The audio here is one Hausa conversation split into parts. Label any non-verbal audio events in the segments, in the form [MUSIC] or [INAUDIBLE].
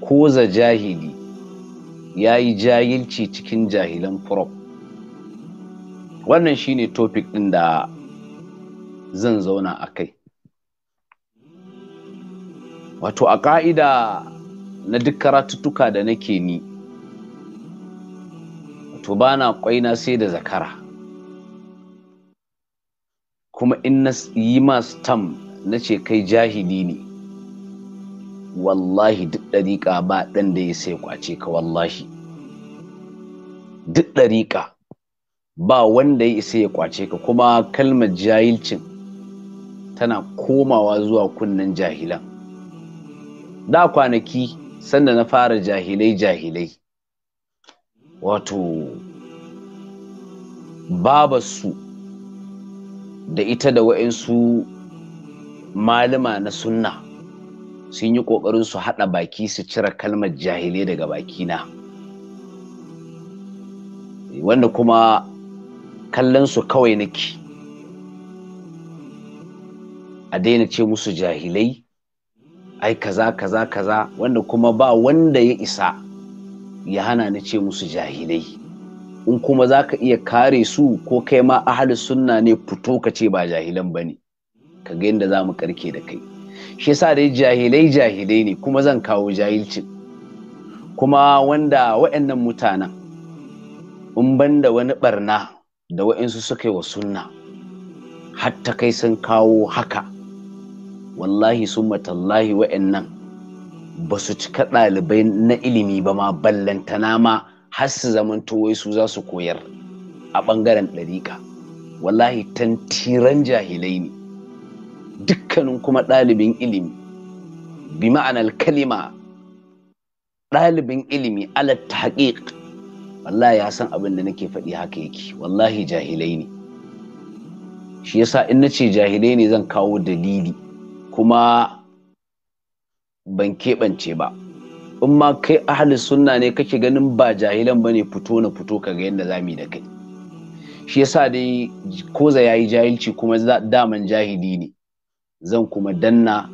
koza jahili ya yi jahilci cikin jahilan prop wannan shine topic ɗin da zan zauna a kai wato a ƙa'ida na duk karatuttuka da nake ni wato ba na sai da zakara kuma in na yi ma stam na ce kai jahili ne wallahi duk ɗariƙa ba ɗan da ya sai kwace ka wallahi duk ɗariƙa ba wanda ya isa ya kwace ka kuma kalmar jahilcin tana komawa zuwa kunnen jahilan da kwanaki sanda na fara jahilai jahilai wato babarsu da ita da wa'insu malama na sunna sun yi ƙoƙarin su haɗa baki su cire kalmar jahilai daga bakina wanda kuma kallon su kawai nake a daina ce musu jahilai ai kaza kaza kaza wanda kuma ba wanda ya isa ya hana ni ce musu jahilai in kuma za ka iya kare su ko kai ma ahali sunna ne fito ka ce ba jahilan ba ne ka ga yadda za mu karke da kai shi yasa dai jahilai jahilai ne kuma zan kawo jahilcin kuma wanda wa'annan mutanen in ban da wani barna da wa'insu suka yi wa sunna hatta kai sun kawo haka wallahi sun matallahi wa'annan ba su cika ɗalibai na ilimi ba ma ballantana ma har su zamanto wai su za su koyar a ɓangaren ɗariƙa wallahi tantiran jahilai ne dukkanin kuma ɗalibin ilimi bi ma'anar kalima ɗalibin ilimi alat haƙiƙ wallahi ya san abin da nake faɗi haka yake wallahi jahilai ne shi yasa in ce jahilai ne zan kawo dalili kuma ban keɓance ba in ma kai ahli sunna ne kake ganin ba jahilan ba ne fito na fito kaga yadda za mu da kai shi yasa dai koza ya yi jahilci kuma daman jahili ne zan kuma danna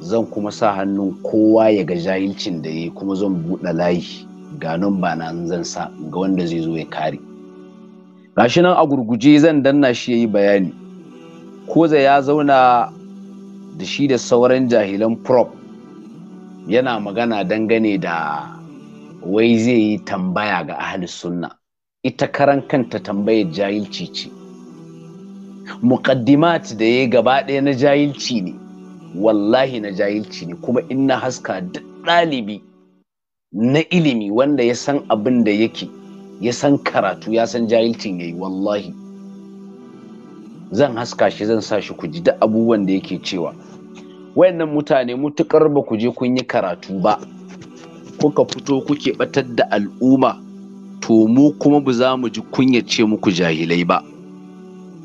zan kuma sa hannun kowa ya ga jahilcin da ya kuma zan buɗe layi ga nan ba na zan sa ga wanda zai zo ya kare gashi nan a gurguje zan danna shi ya yi bayani koza ya zauna da shi da sauran jahilan prop yana magana dangane da wai zai yi tambaya ga ahli sunna ita karan kanta tambayar jahilci ce muqaddimat da ya gaba ɗaya na jahilci ne wallahi na jahilci ne kuma in na haska duk ɗalibi na ilimi wanda ya san abin da yake ya san karatu ya san jahilcin yi. wallahi zan haska shi zan sa shi ku ji duk abubuwan da yake cewa wayannan mutane mutukar ba ku je kun yi karatu ba kuka fito kuke batar da al'umma to mu kuma ba za mu ji kunya ce muku jahilai ba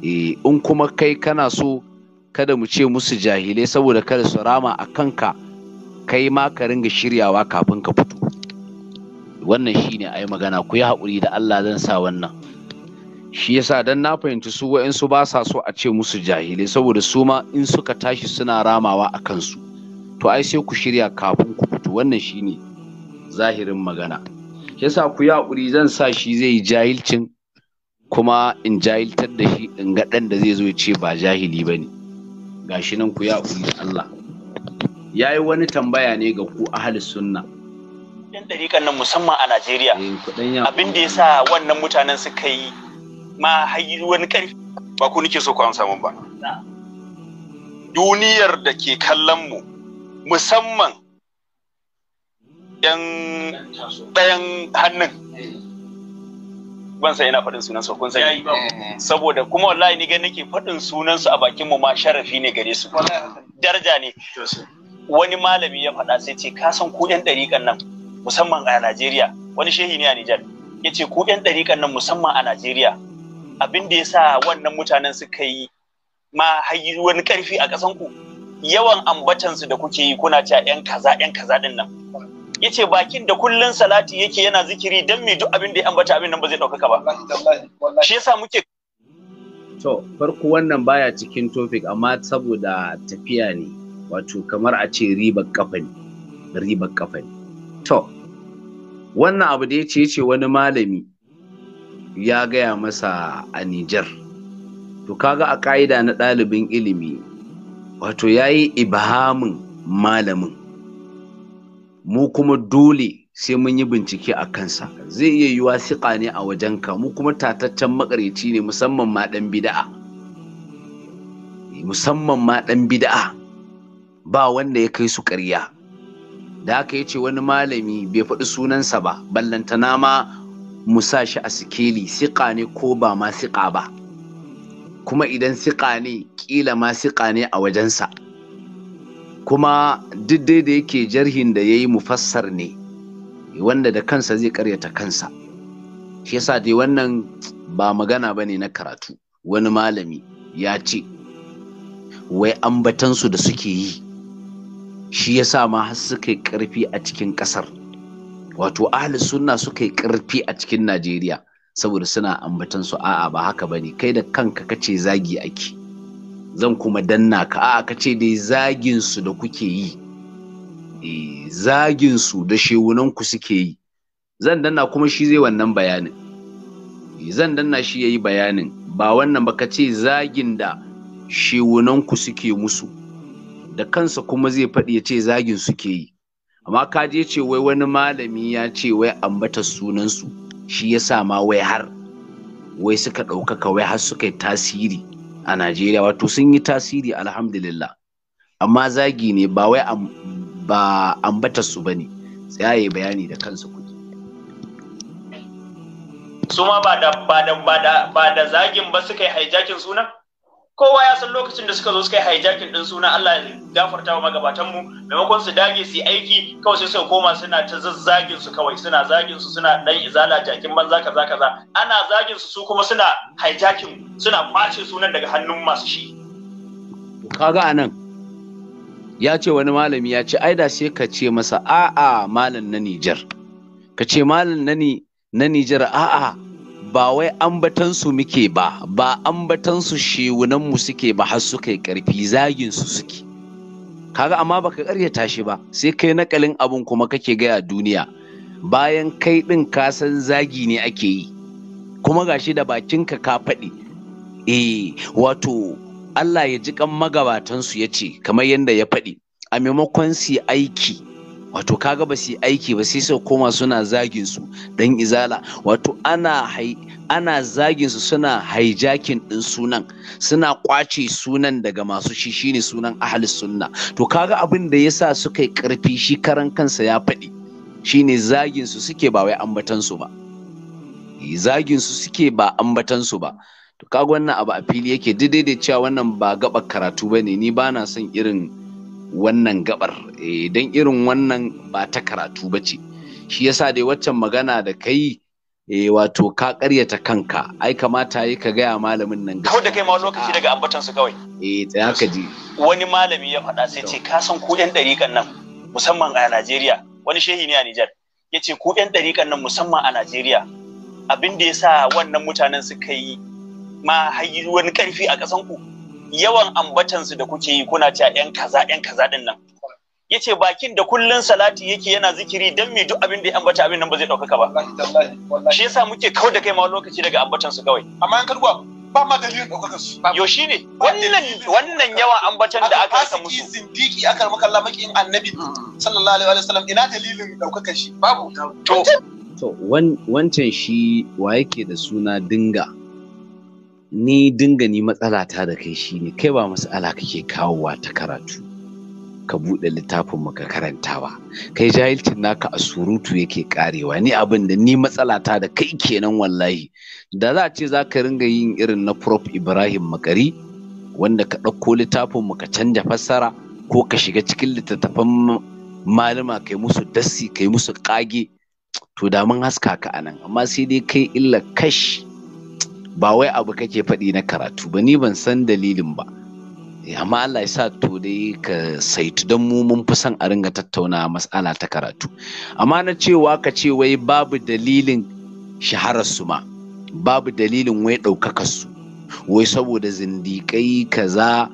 Eh, in kuma kai kana so kada mu ce musu jahilai saboda kada su rama a kanka kai ma ka ringa shiryawa kafin ka fito wannan shine ai magana ku yi haƙuri da Allah zan sa wannan shi yasa dan na fahimci su su ba sa so a ce musu jahilai saboda su ma in suka tashi suna ramawa a kansu to ai sai ku shirya kafin ku fito wannan shine zahirin magana yasa ku yi haƙuri zan sa shi zai yi jahilcin kuma in jahiltar da shi in ga ɗan da zai zo ya ce ba jahili ba ne shi nan ku ya da Allah ya yi wani tambaya ne ga ku ahal sunna yan ɗariƙan nan musamman a Najeriya eh, abin da ya sa wannan mutanen suka yi ma hayi wani ƙarfi ba ku nike so ku amsa mun ba duniyar da ke kallon mu musamman yan ɗayan hannun gwansa yana faɗin sunansa kun sani saboda kuma wallahi ni ga nake faɗin sunansu a bakin mu ma sharafi ne gare su daraja ne wani malami ya faɗa sai ce ka san ku ɗan ɗariƙan nan musamman a Najeriya wani shehi ne a Nijar ya ce ku ɗan ɗariƙan nan musamman a Najeriya abin da ya sa wannan mutanen suka yi ma hayi wani ƙarfi a ƙasan ku yawan ambatansu da kuke yi kuna cewa 'yan kaza 'yan kaza ɗin nan yace bakin da kullun salati yake yana zikiri dan me duk abin da ya ambata abin nan ba zai daukaka ba shi yasa muke to farko wannan baya cikin topic amma saboda tafiya ne wato kamar a ce ribar kafa ne ribar to wannan abu da yace yace wani malami ya gaya masa a Nijar to kaga a ka'ida na ɗalibin ilimi wato ya yi ibhamin malamin mu kuma dole sai mun yi bincike a kansa zai iya yiwa siƙa ne a wajenka mu kuma tataccen makareci ne musamman ma ɗan bida'a musamman ma ɗan bida'a ba wanda ya kai su ƙarya da aka yace ce wani malami bai faɗi sunansa ba ballantana ma mu sa shi a sikeli siƙa ne ko ba ma siƙa ba kuma idan siƙa ne ƙila ma siƙa ne a wajensa kuma duk dai da yake jarhin da ya yi mufassar ne wanda da kansa zai karyata kansa shi yasa dai wannan ba magana ba ne na karatu wani malami ya ce wai ambatansu da suke yi shi yasa ma har suka yi karfi a cikin ƙasar wato ahli sunna suka yi ƙarfi a cikin najeriya saboda suna ambatansu a'a ba haka bane kai da kanka kace zagi ake zan kuma danna ka a ka ce dai zagin su da kuke yi eh, zagin su da shewunan ku suke yi zan danna kuma shi zai wannan bayanin eh, zan danna shi yayi bayanin ba wannan ba ka ce zagin da shewunan ku suke musu da kansa kuma zai faɗi ya ce zagin suke yi amma ka je ce wai wani malami ya ce wai ambata sunansu shi ya sa ma wai har wai suka ɗaukaka wai har suka yi tasiri a Najeriya wato sun yi tasiri alhamdulillah amma zagi ne ba wai ba ambatar su bane tsaye bayani da kansu kuɗi su ba da ba da ba da zagin ba suka yi hijacking sunan kowa ya san lokacin da suka zo suka yi hijacking din suna Allah ya gafarta wa magabatan mu maimakon su dage su aiki kawai sai suka koma suna ta zazzagin su kawai suna zagin su suna dan izala jakin banza kaza kaza ana zagin su su kuma suna hijacking suna kwace sunan daga hannun masu shi kaga anan ya ce wani malami ya ce ai da sai ka ce masa a'a malam na Niger. ka ce malam na ni Nijar a'a ba wai ambatansu muke ba ba ambatansu shewunanmu suke ba har kai yi ƙarfi zaginsu suke kaga amma baka ƙaryata tashi ba sai kai nakalin abun kuma kake gaya duniya bayan kai ɗin ka san zagi ne ake yi kuma gashi da bakinka ka faɗi eh wato Allah ya ji kan magabatansu ya ce kamar yadda ya faɗi a maimakon su aiki wato kaga ba su aiki ba sai su koma suna zagin su dan izala wato ana hai ana zagin su suna hijacking din sunan suna kwace sunan daga masu shi shine sunan ahli sunna to kaga abin da yasa suka yi karfi shi karan kansa ya faɗi shine zagin su suke ba wai ambatan su ba zagin su suke ba ambatan su ba to kaga wannan abu a fili yake daidai da cewa wannan ba gaba karatu bane ni bana son irin wannan gabar idan eh, irin wannan ba ta karatu ba ce shi yasa dai waccan magana da kai yi eh, wato ka karyata kanka ai kamata yi ka gaya malamin nan kawai da kai ma lokaci daga ambaton su kawai eh ta haka ji wani malami ya faɗa sai ce ka san ku yan dariƙan nan musamman a Najeriya wani shehi ne a Nijar yace ku yan dariƙan nan musamman a Najeriya abin da yasa wannan mutanen suka yi ma hayyi wani karfi a ƙasan ku yawan ambatansu da kuke yi kuna cewa yan kaza yan kaza din nan yace bakin da kullun salati yake yana zikiri dan me duk abin da ya ambata abin nan ba zai dauka ba shi yasa muke kawai da kai ma lokaci daga ambatansu kawai amma yan kalgwa ba ma dalilin daukakar su yo shine wannan wannan yawan ambatan da aka saka musu zindiki aka maka Allah in annabi mm. sallallahu alaihi wasallam ina dalilin ɗaukaka shi babu to to wancan shi wa yake da suna dinga ni dinga ni matsala ta da kai shine kai ba matsala kake kawowa ta karatu ka buɗe littafin mu ka karantawa kai jahilcin naka a surutu yake karewa ni abin da ni matsala ta da kai kenan wallahi da za a ce za ka ringa yin irin na prof ibrahim makari wanda ka ɗauko littafin mu ka canja fassara ko ka shiga cikin littattafan malama kai musu dassi kai musu ƙage to da mun haska ka anan amma sai dai kai illa kashi. ba wai abu kake faɗi na karatu ba ni ban san dalilin ba eh, amma Allah ya sa to dai ka saitu don mu mun fi son a ringa tattauna mas'ala ta karatu amma na cewa ka ce wai babu dalilin shaharar su ma babu dalilin wai ɗaukakar su wai saboda zindiƙai kaza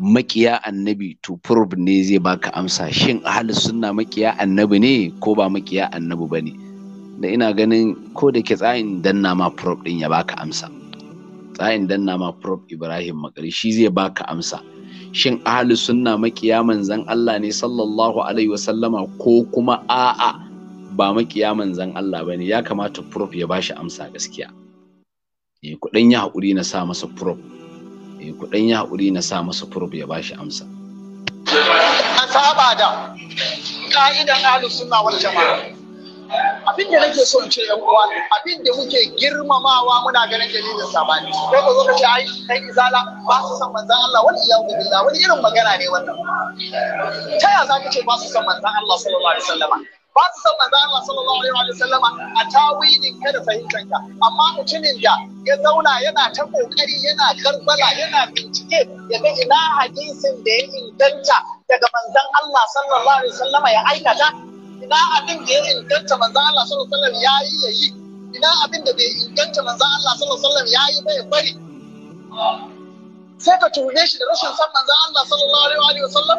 makiya annabi to furb ne zai baka amsa shin ahalus sunna makiya annabi ne ko ba makiya annabi bane da ina ganin ko da ke tsayin danna ma prop din ya baka amsa tsayin danna ma prop ibrahim makari shi zai baka amsa shin ahli sunna makiya manzan Allah ne sallallahu alaihi wasallama ko kuma a'a ba makiya manzan Allah bane ya kamata prop ya bashi amsa gaskiya eh kudan ya hakuri na sa masa prop eh kudan ya hakuri na sa masa prop ya bashi amsa an saba da ka'idan ahli sunna wal jama'a abin da nake son ce yan uwa abin da muke girmamawa muna ganin dalilin sabani ko ka zo ka ce ai kai izala ba su san manzon Allah wani iyyahu billah wani irin magana ne wannan ta ya za ce ba su san manzon Allah sallallahu alaihi wasallam ba su san manzon Allah sallallahu alaihi wasallam a tawilin ka da fahimtar ka amma mutumin da ya zauna yana ta kokari yana karbala yana bincike ya ga ina hadisin da ya inganta daga manzon Allah sallallahu alaihi wasallam ya aikata ina abin da ya inganta manzo Allah sallallahu alaihi wasallam yayi yayi ina abin da bai inganta manzo Allah sallallahu alaihi wasallam yayi ba ya bari sai ka tuhume shi da rashin san manzo Allah sallallahu alaihi wasallam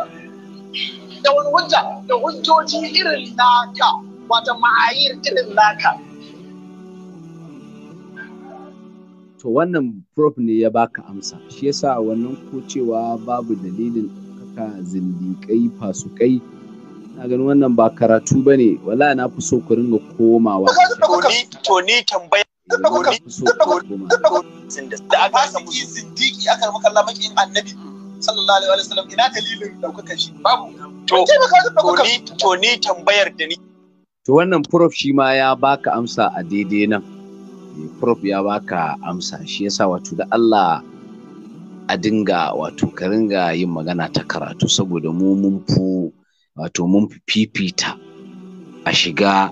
da wani hujja da hujjoji irin naka wata ma'ayir irin naka to wannan prof ne ya baka amsa shi yasa wannan ko cewa babu dalilin ka zindiƙai fasukai na ganin wannan ba karatu ba ne wala na fi so ku ringa komawa to ni tambayar da ni to wannan prof shi ma ya baka amsa a daidai nan prof ya baka amsa shi yasa wato da Allah a dinga wato ka ringa yin magana ta karatu saboda mu mun fu wato mun fifita a shiga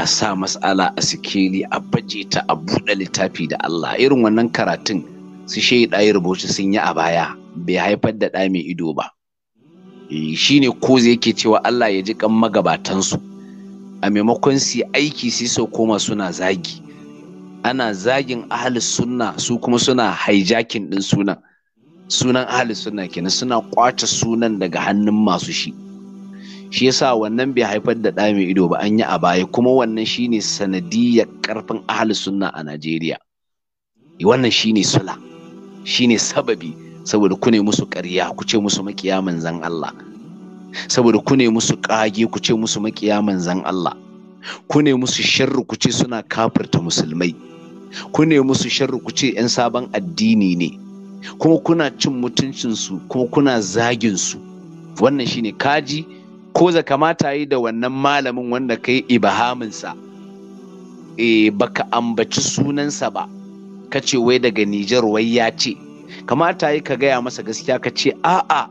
a sa mas'ala a sikeli a baje ta a buɗe littafi da Allah irin wannan karatun su da ya rubutu sun yi a baya bai haifar da ɗa mai ido ba eh, shine ko zai yake cewa Allah ya ji kan magabatansu a maimakon su aiki sai sau koma suna zagi ana zagin ahli sunna su kuma suna hijacking din sunan sunan ahli sunna kenan suna kwace sunan daga hannun masu shi shi yasa wannan bai haifar da ɗa mai ido ba an yi a baya kuma wannan shine sanadiyar karfin ahal sunna a Najeriya wannan shine sula shine sababi saboda ku ne musu ƙarya ku ce musu makiya manzan Allah saboda ku ne musu ƙage ku ce musu makiya manzan Allah ku ne musu sharru ku ce suna kafirta musulmai ku ne musu sharru ku ce 'yan sabon addini ne kuma kuna cin mutuncinsu kuma kuna zagin su wannan shine kaji ko za kamata yi da wannan malamin wanda ka yi ibahaminsa e eh, baka ambaci sunansa ba ka ce wai daga Nijar wai ya ce kamata yi ka gaya masa gaskiya ka ce a'a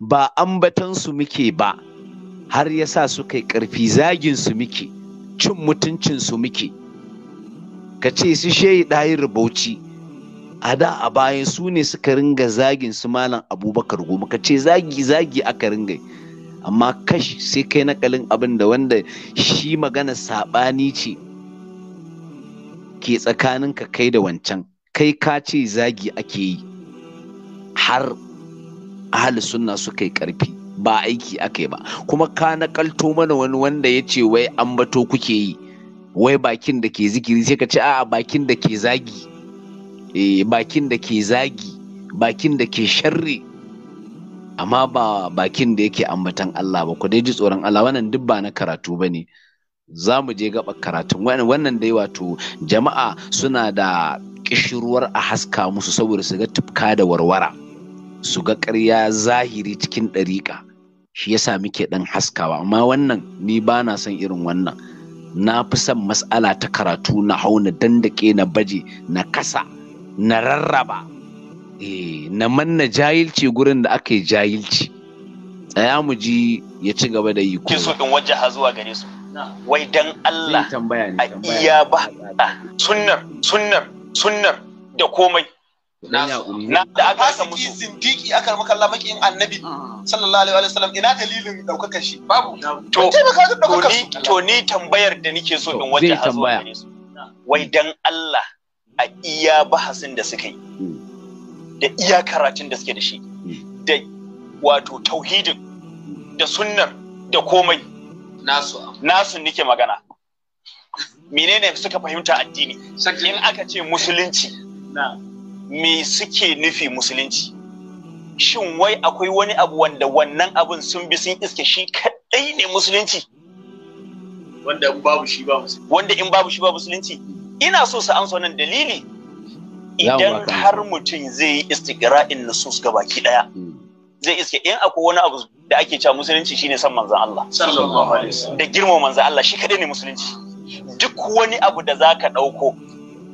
ba ambatansu muke ba har ya sa su kai ƙarfi zaginsu muke cin mutuncinsu muke ka ce su shehi ɗayin rubauci a da a bayan su ne suka ringa zagin su malam abubakar goma ka ce zagi zagi aka ringa amma kash sai kai nakalin abin da wanda shi magana saɓani ce ke tsakanin ka kai da wancan kai ka ce zagi ake yi har ahli sunna suka yi ƙarfi ba aiki aka yi ba kuma ka nakalto mana wani wanda ya ce wai ambato kuke yi wai bakin da ke zikiri sai ka ce a'a bakin da ke zagi eh, bakin da ke zagi bakin da ke sharri amma ba bakin da yake ambatan Allah ba ku dai ji tsoron Allah wannan duk ba na karatu bane za mu je gaba karatu. wannan dai wato jama'a suna da kishiruwar a haska musu saboda su ga tufka da warwara su ga ƙarya zahiri cikin ɗariƙa shi yasa muke ɗan haskawa amma wannan ni ba na son irin wannan na fi son mas'ala ta karatu na hau na dandake na baje na kasa na rarraba Eh, na manna jahilci gurin da aka yi jahilci ya mu ji ya ci gaba da yi kuma kiso in waje ha zuwa gare su wai dan Allah a iya ba sunnar sunnar sunnar da komai na da aka sa musu zindiki aka maka Allah makin annabi ah. sallallahu alaihi wasallam ina dalilin daukaka shi babu to to ni tambayar da nike so in waje ha gare su wai dan Allah a iya bahasin da suka yi hmm. da iya karatun da suke da shi hmm. da wato tauhidin da sunnar da komai nasu nasu nike magana menene suka fahimta addini in aka ce musulunci me suke nufi musulunci shin wai akwai wani abu wanda wannan abun sun bi sun iske shi kadai ne musulunci wanda in babu shi ba musulunci ina so su amsa wannan dalili idan har mutum zai yi istigra'in nusus ga baki daya hmm. zai iske in akwai wani abu da ake cewa musulunci shine san manzan Allah da girma manzan Allah shi kadai ne musulunci duk wani abu da zaka dauko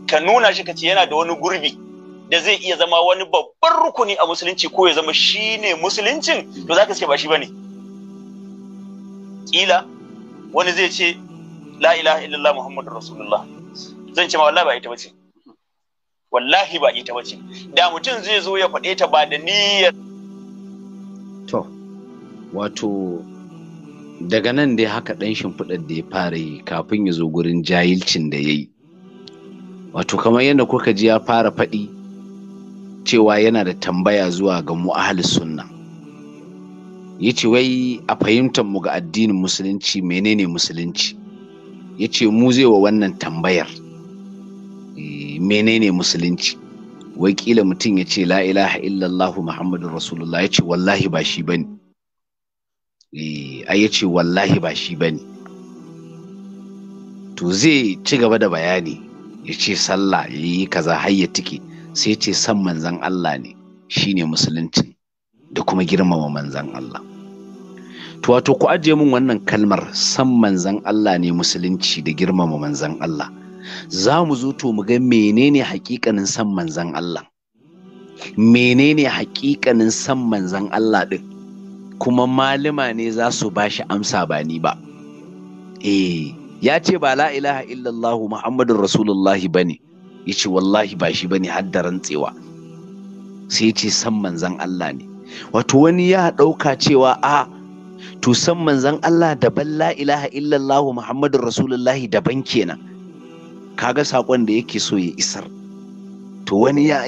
ka nuna shi kace yana da wani gurbi da zai iya zama wani babban rukuni a musulunci ko ya zama shine musuluncin to zaka ce ba shi bane kila wani zai ce la ilaha illallah muhammadur rasulullah zan ce ma wallahi ba ita bace wallahi ba ita bace da mutum zai zo ya faɗe ta ba da niyyar to wato daga nan dai haka ɗan shimfiɗar da ya fara yi kafin ya zo gurin jahilcin da ya yi wato kamar yadda kuka ji ya fara faɗi cewa yana da tambaya zuwa ga mu ahli sunna ya ce wai a fahimtar mu ga addinin musulunci menene musulunci ya ce mu zai wa wannan tambayar menene musulunci wai kila mutum ya ce la ilaha illallah muhammadun rasulullah ya ce wallahi ba shi bane eh, ai ya ce wallahi ba shi bane to zai ci gaba da bayani ya ce sallah ya yi kaza har ya tike sai ce san manzan Allah ne shine musulunci da kuma girmama manzan Allah to wato ku ajiye min wannan kalmar san manzan Allah ne musulunci da girmama manzan Allah za mu zo to mu ga menene hakikanin san manzan Allah menene hakikanin san manzan Allah din kuma malima ne za su ba shi amsa ba ni ba eh ya ce ba la ilaha illallah muhammadun rasulullahi bane ya ce wallahi ba shi bane har da rantsewa sai ce san manzan Allah ne wato wani ya ɗauka cewa a to san manzan Allah daban la ilaha illallah muhammadun rasulullahi daban kenan kaga sakon da yake so ya isar to wani ya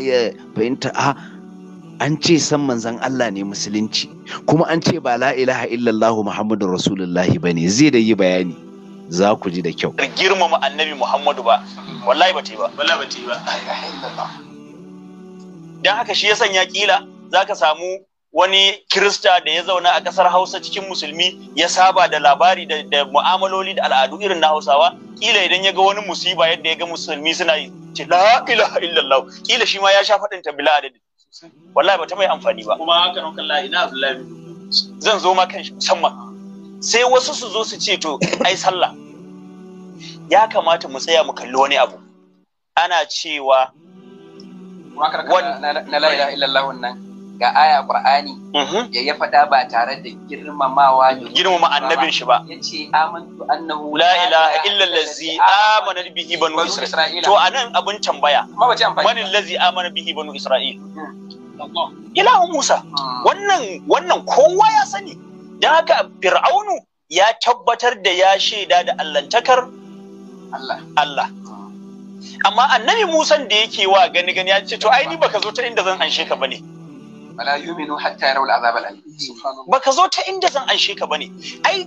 fahimta a ah, an ce san manzan Allah ne musulunci kuma an ce ba la ilaha illallah muhammadu rasulullahi bane zai da yi bayani za ku ji da kyau girmama annabi muhammadu ba wallahi ba ta yi ba wallahi ba ba dan haka shi ya sanya kila zaka samu wani Kirista da ya zauna a ƙasar Hausa cikin musulmi ya saba da labari da mu'amaloli da al'adu irin na Hausawa, ƙila idan ya ga wani musiba yadda ya ga musulmi suna yi, ce la ilaha illallah, ƙila shi ma ya sha faɗin ta bila adadin. Wallahi ba ta mai amfani ba. Kuma haka nan kallahi ina Abdullahi. Zan zo ma kan shi musamman. Sai wasu su zo su ce to ai sallah. Ya kamata mu tsaya mu kalli wani abu. Ana cewa. Na la ilaha illallah wannan. ga aya qur'ani mhm. ya ya faɗa ba tare da girmamawa ne girmama annabin shi ba yace amantu annahu la ilaha illa allazi amana bihi banu isra'ila to anan abin tambaya man allazi amana bihi banu isra'il hmm. ilahu musa hmm. wannan wannan kowa ya sani dan haka fir'aunu ya tabbatar da ya shaida da allantakar Allah Allah amma annabi Musan da yake wa gani gani ya ce to ai ni baka zo ta inda zan anshe ka bane wala yu'minu hatta al'azab al'alim hmm. baka zo ta inda zan anshe ka bane ai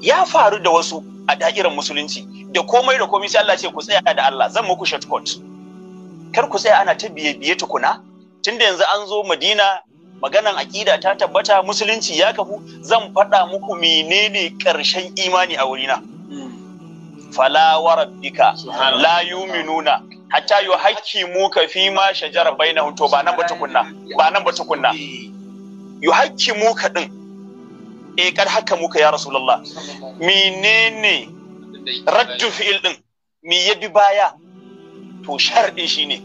ya faru da wasu a da'irar musulunci da komai da komai sai Allah ce ku tsaya da Allah zan muku shortcut kar ku tsaya ana ta biye biye tukuna tunda yanzu an zo Madina maganan aƙida ta tabbata musulunci ya kafu zan faɗa muku menene ƙarshen imani a wurina hmm. fala warabbika la yu'minuna hatta yu mu ka fi ma shajara bainahum to ba nan ba tukunna ba nan ba tukunna yu mu ka din E kar haka muka ya rasulullah menene raddu fi'il din me ya bi baya to sharɗin shine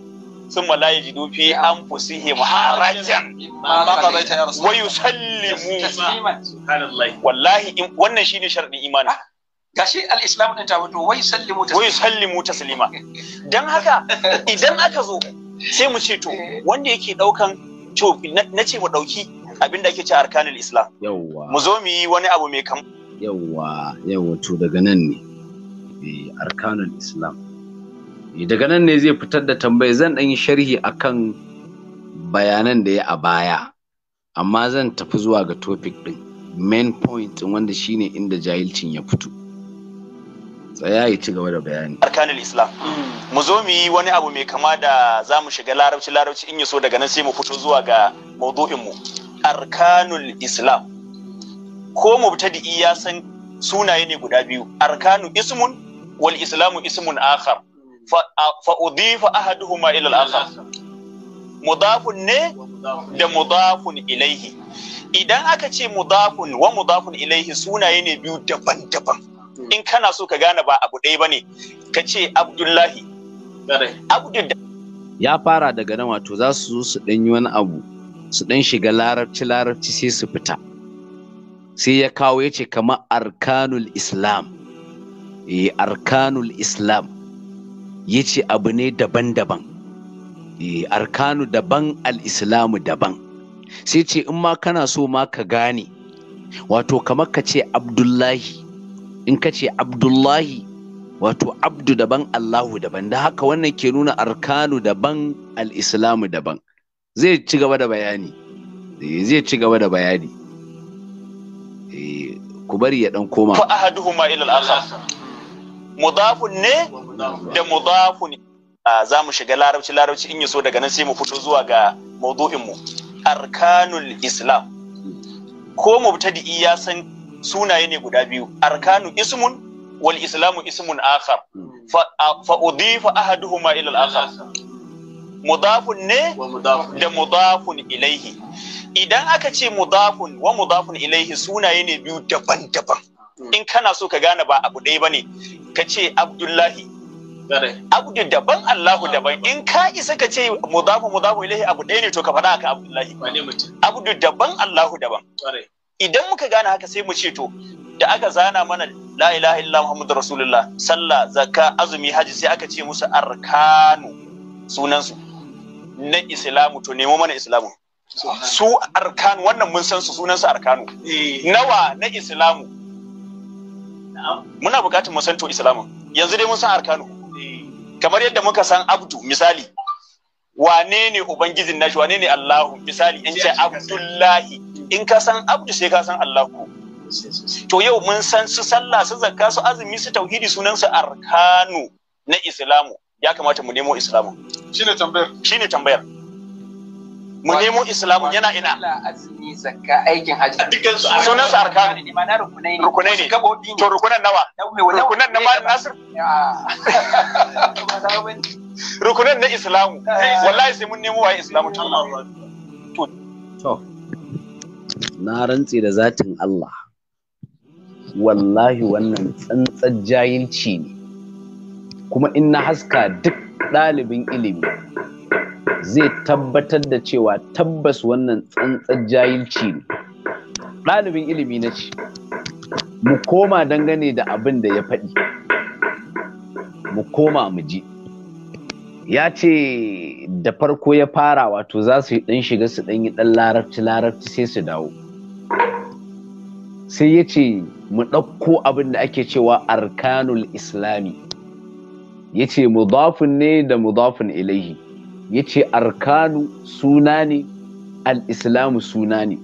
sun mala ya jidu fi an fusihi harajan wa yusallimu wallahi wannan shine sharɗin imani ah. gashi al-islam din ta fito wai sallimu ta wai sallimu salima dan haka idan aka zo sai mu ce to eh. wanda yake daukan to na ce wa dauki abinda ake ce arkanul islam yawa mu zo mu yi wani abu mai kam yawwa yawa to daga nan ne eh, arkanul islam eh, daga nan ne zai fitar da tambayi zan dan yi sharhi akan bayanan da ya a baya amma zan tafi zuwa ga topic din main point wanda shine inda jahilcin ya fito tsaya ya ci gaba da bayani arkanul islam mu zo mu yi wani abu mai kama da za mu shiga larabci larabci in ya so daga nan sai mu fito zuwa ga maudu'in mu arkanul islam ko mubtadi ya san sunaye ne guda biyu arkanu ismun wal islamu ismun akhar fa udifa ahaduhuma ila al akhar mudafun ne da mudafun ilaihi idan aka ce mudafun wa mudafun ilaihi sunaye ne biyu daban-daban in kana so ka gane ba abu ɗaya ba ne ka ce abdullahi ya fara daga nan wato za su zo su yi wani abu su ɗan shiga larabci larabci sai su fita sai ya kawo ya ce kama arkanul islam eh arkanul islam ya ce abu ne daban-daban eh arkanu daban al-islamu daban sai ce in ma kana so ma ka gane wato kamar ka ce abdullahi in ka ce abdullahi wato abdu daban allahu daban da haka wannan ke nuna arkanu daban al'islamu daban zai ci gaba da bayani eh, zai ci gaba da bayani eh, ku bari ya dan koma fa ahaduhuma ila al-akhar mudafun ne da mudafun ah, za mu shiga larabci larabci in so daga nan sai mu fito zuwa ga maudu'in mu arkanul islam ko mubtadi ya san sunaye ne guda biyu arkanu ismun wal islamu ismun akhar fa udifa ahaduhuma ila al akhar mudafun ne da mudafun ilaihi idan aka ce mudafun wa mudafun ilaihi sunaye ne biyu daban-daban hmm. in kana so ka gane ba abu ɗaya bane ka ce abdullahi abdu daban allahu daban in ka isa ka ce mudafun mudafun ilaihi abu ɗaya ne to ka faɗa ka abdullahi abdu daban allahu daban idan muka gane haka sai mu ce to da aka zana mana la ilaha illa muhammadu rasulullah sallah zakka azumi haji sai aka ce musu arkanu sunansu na islamu to nemo mana islamu su arkanu wannan mun san su sunansu arkanu eh. nawa na islamu muna bukatun mu san to islamu yanzu dai mun san arkanu eh. kamar yadda muka san abdu misali wane ne ubangijin nashi wane ne Allahu misali in ce Abdullahi in ka san Abdu sai ka san Allahu to yau mun san su sallah su zakka su azumi su tauhidi sunan su arkanu na Islamu ya kamata mu nemo Islamu shine tambayar shine tambayar mu nemo Islamu yana ina azumi zakka aikin haji dukkan su sunan su arkanu rukunai ne rukunai ne to rukunan nawa rukunan na Nasir [LAUGHS] rukunan na islamu eh. wallahi sai mun nemo waye islamu ta Allah to na rantse da zatin Allah wallahi wannan tsantsar jayinci ne kuma in na haska duk ɗalibin ilimi zai tabbatar da cewa tabbas wannan tsantsar jayinci ne ɗalibin ilimi na ce mu koma dangane da abin da ya faɗi mu koma mu ji ya ce da farko ya fara wato za su yi ɗan shiga su ɗan yi ɗan larabci larabci sai su dawo sai ya ce mu ɗauko abin da ake cewa arkanul islami ya ce mudafin ne da mudafin ilaihi ya ce arkanu suna ne al'islamu suna ne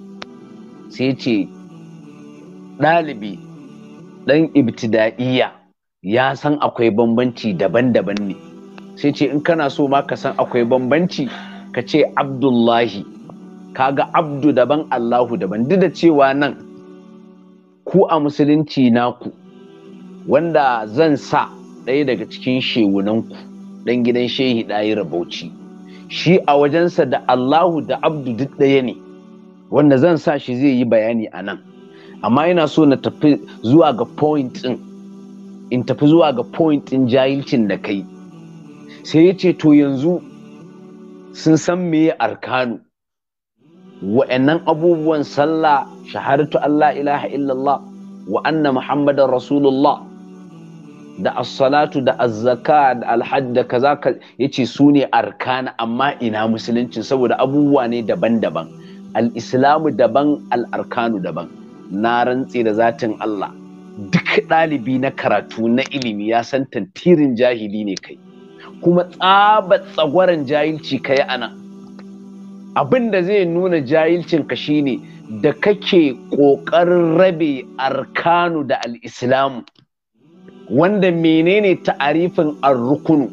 sai ya ce ɗalibi ɗan ibtida'iyya ya san akwai bambanci daban-daban ne sai ce in kana so ma ka san akwai bambanci ka ce abdullahi ga abdu daban allahu daban duk da cewa nan ku a musulunci naku wanda zan sa ɗaya daga cikin shewunanku ɗan gidan shehi ɗayi rabauci shi a wajensa da allahu da abdu duk ɗaya ne wanda zan sa shi zai yi bayani a nan amma ina so na tafi zuwa ga point in tafi zuwa ga point ɗin jahilcin da kai sai ya ce to yanzu sun san meye arkanu wa'annan abubuwan sallah shahadatu Allah ilaha illallah wa anna muhammadan rasulullah da as-salatu da az-zaka da al-hajj da kaza yace su ne arkana amma ina musulunci saboda abubuwa ne daban-daban al-islamu daban al-arkanu daban na rantse da zatin Allah duk ɗalibi na karatu na ilimi ya san tantirin jahili ne kai kuma tsaba tsagwaran jahilci ka yi anan abin da zai nuna ka shine da kake ƙoƙarin rabe arkanu da al'islamu wanda menene ta'arifin arrukunu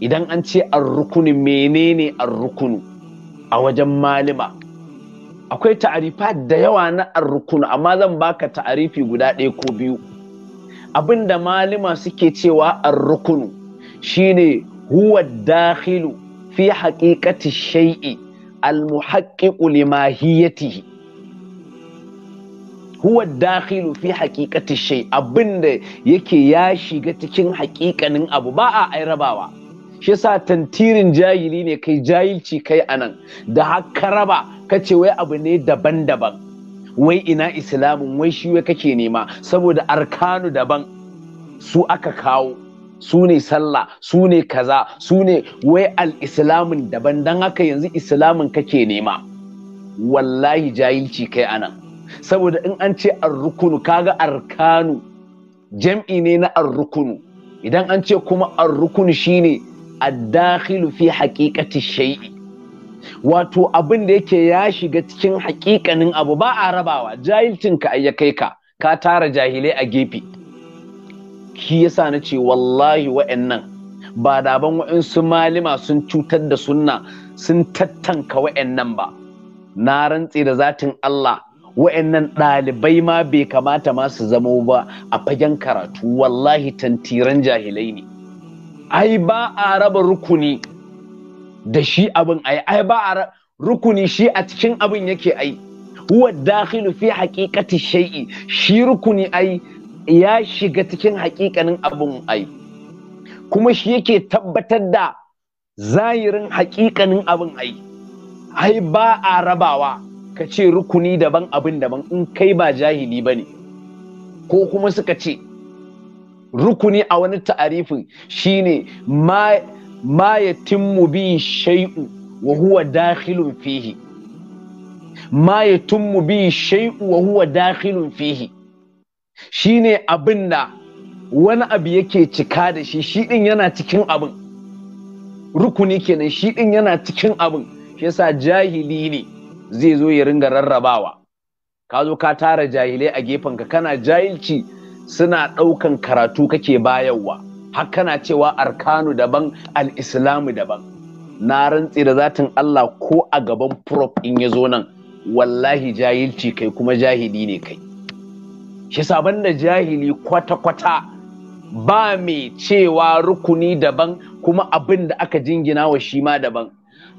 idan an ce arrukunu menene arrukunu a wajen malima akwai ta'arifa da yawa na arrukunu amma zan baka ta'arifi guda ɗaya ko biyu abin da malima suke cewa arrukunu shine huwa dakhilu fi haqiqati shay'i almuhaqqiqu limahiyatihi huwa dakhilu fi haqiqati shay abinda yake ya shiga cikin haƙiƙanin abu ba a ai rabawa shi yasa tantirin jahili ne kai jahilci kai anan da haka raba kace wai abu ne daban-daban wai ina islamin wai shi wai kake nema saboda arkanu daban su aka kawo su ne sallah su ne kaza su ne wai al-islamin daban don haka yanzu islamin kake nema wallahi jahilci kai anan saboda in an ce arrukunu kaga arkanu jam'i ne na arrukunu idan an ce kuma arrukunu shine addakhilu fi haqiqati shay'i wato abin da yake ya shiga cikin haƙiƙanin abu ba a rabawa jahilcin ka ayyakai ka ka tara jahilai a gefe shi yasa na ce wallahi wa'annan ba daban wa'insu malima sun cutar da sunna sun tattanka wa'annan ba na rantse da zatin Allah wa'annan ɗalibai ma bai kamata ma su zamo ba a fagen karatu wallahi tantiran jahilai ne ai ba a raba rukuni da shi abin ai ai ba a rukuni shi a cikin abin yake ai huwa dakhilu fi haqiqati shay'i shi rukuni ai ya shiga cikin haƙiƙanin abin ai kuma shi yake tabbatar da zahirin haƙiƙanin abin ai ai ba a rabawa ka ce rukuni daban abin daban in kai ba jahili ba ne ko kuma suka ce rukuni a wani ta'arifin shine ma ma timmu bi shay'u wa huwa dakhilun fihi ma timmu bi shay'u wa huwa dakhilun fihi Shi ne abin da wani abu yake cika da shi shi din yana cikin abin rukuni kenan shi din yana cikin abin shi yasa jahili ne zai zo ya ringa rarrabawa ka zo ka tara jahilai a gefen Ka kana jahilci suna ɗaukan karatu kake bayarwa har kana cewa arkanu daban al al'islamu daban na rantsi da zatin Allah ko a gaban prop in ya zo nan wallahi jahilci kai kuma jahili ne kai shi saban da jahili kwata-kwata ba mai cewa rukuni daban kuma abin da aka jingina wa shi ma daban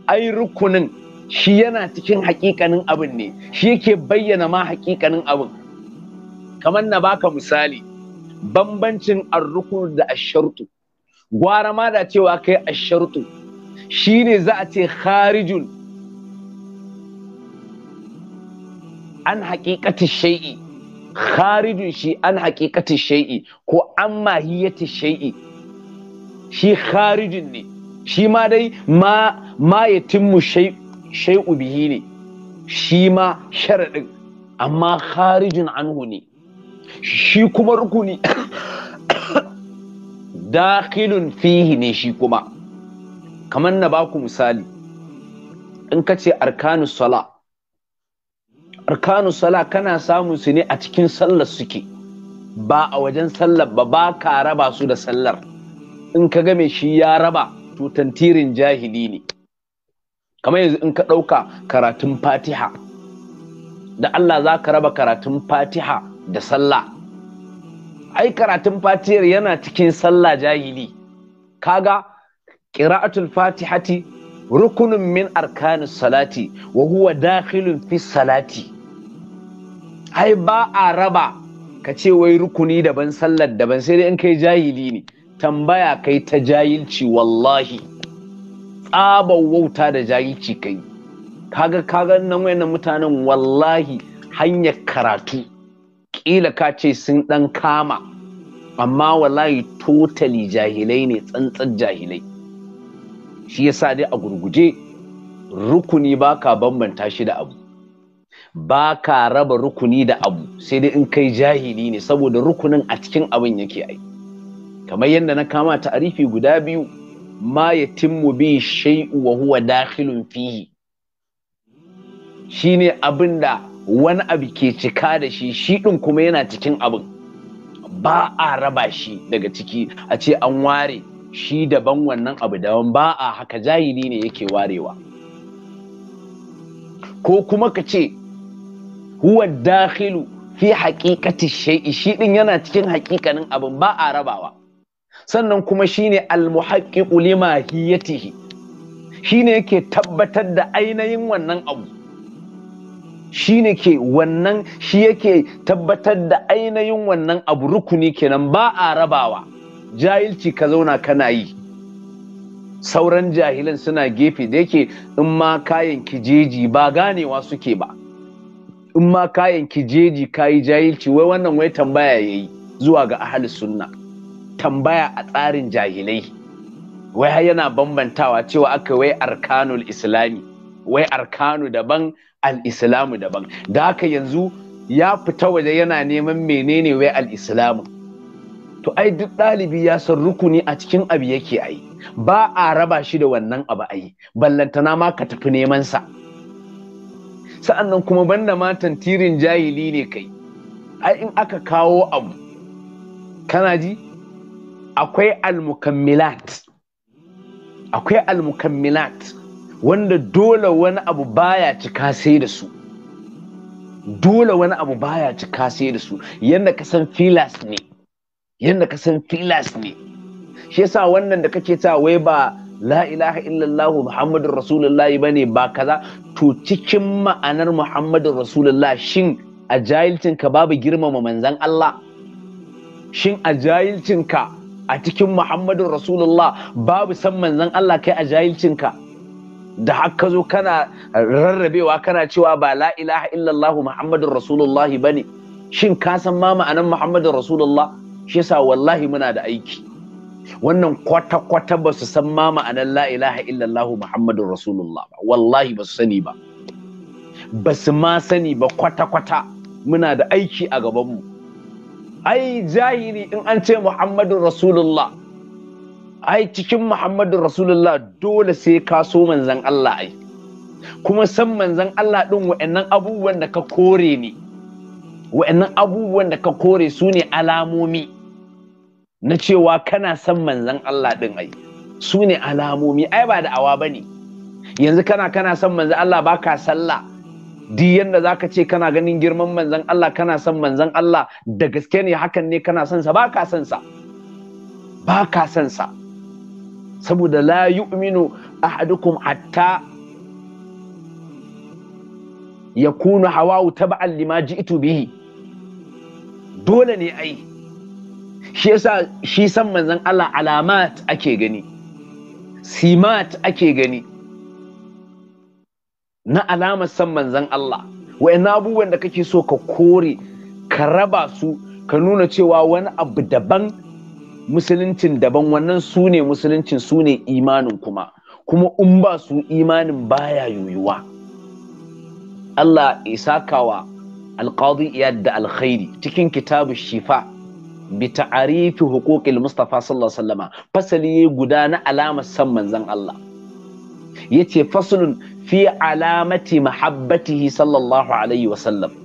ai rukunin shi yana cikin hakikanin abin ne shi yake bayyana ma hakikanin abin kamar na baka misali bambancin arrukun da asharutu gwara ma da cewa kai shi Shi za a ce kharijun an haƙiƙati shai'i kharijun shi an haƙiƙatin shai'i ko an mahiyyati shai'i shi kharijun ne shi ma dai ma ma yatimmu shai'u bihi ne shi ma sharaɗin amma kharijun anhu ne shi kuma rukuni [COUGHS] dakhilun fihi ne shi kuma kamar na baku misali in ka ce arkanu sala arkanu sala kana samun su ne a cikin sallar suke ba a wajen sallar ba ba ka raba su da sallar in ka game shi ya raba to tantirin jahili ne kamar yanzu in ka ɗauka karatun fatiha da Allah za ka raba karatun fatiha da sallah ai karatun fatihar yana cikin sallah jahili kaga qira'atul fatihati rukunin min arkanis salati wa huwa dakhilun fi salati ai ba a raba ka ce wai rukuni daban sallar daban sai dai in kai jahili ne tambaya kai ta jahilci wallahi tsabar wauta da jahilci kai kaga kaga nan wayannan mutanen wallahi hanyar karatu kila ka ce sun dan kama amma wallahi totali jahilai ne tsantsan jahilai shi yasa dai a gurguje rukuni baka bambanta shi da abu ba ka raba rukuni da abu sai dai in kai jahili ne saboda rukunin a cikin abin yake ai kamar yadda na kama ta'arifi guda biyu ma ya timmu bi shay'u wa huwa dakhilun fihi shine abin da wani abu ke cika da shi shi din kuma yana cikin abin ba a raba shi daga ciki a ce an ware shi daban wannan abu daban ba a haka jahili ne yake warewa ko kuma ka ce huwa dakhilu fi haqiqati shay'i shi din yana cikin haƙiƙanin abin ba a rabawa sannan kuma shine al-muhaqqiqu limahiyatihi shine yake tabbatar da ainihin wannan abu shine ke wannan shi yake tabbatar da ainihin wannan abu rukuni kenan ba a rabawa jahilci ka zauna kana yi sauran jahilan suna gefe da yake in ma kayan kijeji ba ganewa suke ba in ma kayan ki jeji kayi jahilci wai wannan wai tambaya yayi zuwa ga ahli sunna tambaya a tsarin jahilai wai yana bambantawa cewa aka wai arkanul islami wai arkanu daban al-islamu daban da haka yanzu ya fita waje yana neman menene wai al-islamu to ai duk ɗalibi ya san rukuni a cikin abu yake ai ba a raba shi da wannan abu ai ballantana ma ka tafi neman sa sa'annan kuma banda ma tirin jahili ne kai ai in aka kawo abu kana ji akwai almukammilat akwai almukammilat wanda dole wani abu baya cika sai da su dole wani abu baya cika sai da su yadda ka san filas ne yadda ka san filas ne shi yasa wannan da kake ta wai ba la ilaha illallahu muhammadur rasulullahi bane ba kaza to cikin ma'anar muhammadur rasulullah shin a jahilcin ka babu girmama manzan Allah shin a jahilcin ka a cikin muhammadur rasulullah babu san manzan Allah kai a jahilcin ka da haka zo kana rarrabewa kana cewa ba la ilaha illallahu muhammadur rasulullahi bane shin ka san ma ma'anar muhammadur rasulullah shi yasa wallahi muna da aiki wannan kwata-kwata ba su san ma ma'anar la ilaha illallah muhammadun rasulullah ba wallahi ba su sani ba ba su ma sani ba kwata-kwata muna da aiki a gabanmu ai jahili in an ce muhammadun rasulullah ai cikin Muhammadu rasulullah dole sai ka so manzan Allah ai kuma san manzan Allah ɗin wa'annan abubuwan da ka kore ne wa'annan abubuwan da ka kore su ne alamomi na cewa kana son manzan Allah ɗin ai su ne alamomi ai ba da'awa ba ne yanzu kana kana son manzan Allah ba ka sallah duk yanda za ka ce kana ganin girman manzan Allah kana son manzan Allah da gaske ne hakan ne kana son sa ba ka son sa ba ka son sa saboda la yu'minu ahadukum hatta yakunu hawa taba'an lima ji'tu bihi dole ne ai shi yasa shi san manzon Allah alamat ake gani simat ake gani na alamar san manzon Allah wa'annan abubuwan da kake so ka kore ka raba su ka nuna cewa wani abu daban musuluncin daban wannan sune ne musuluncin su ne imanin kuma kuma in ba su imanin baya yoyuwa Allah isakawa alqadi iyad da alkhairi cikin kitabu shifa bi ta'arifi huquqil mustafa sallallahu alaihi wasallama fasali guda na alamar san manzon Allah yace faslun fi alamati mahabbatihi sallallahu alaihi wasallam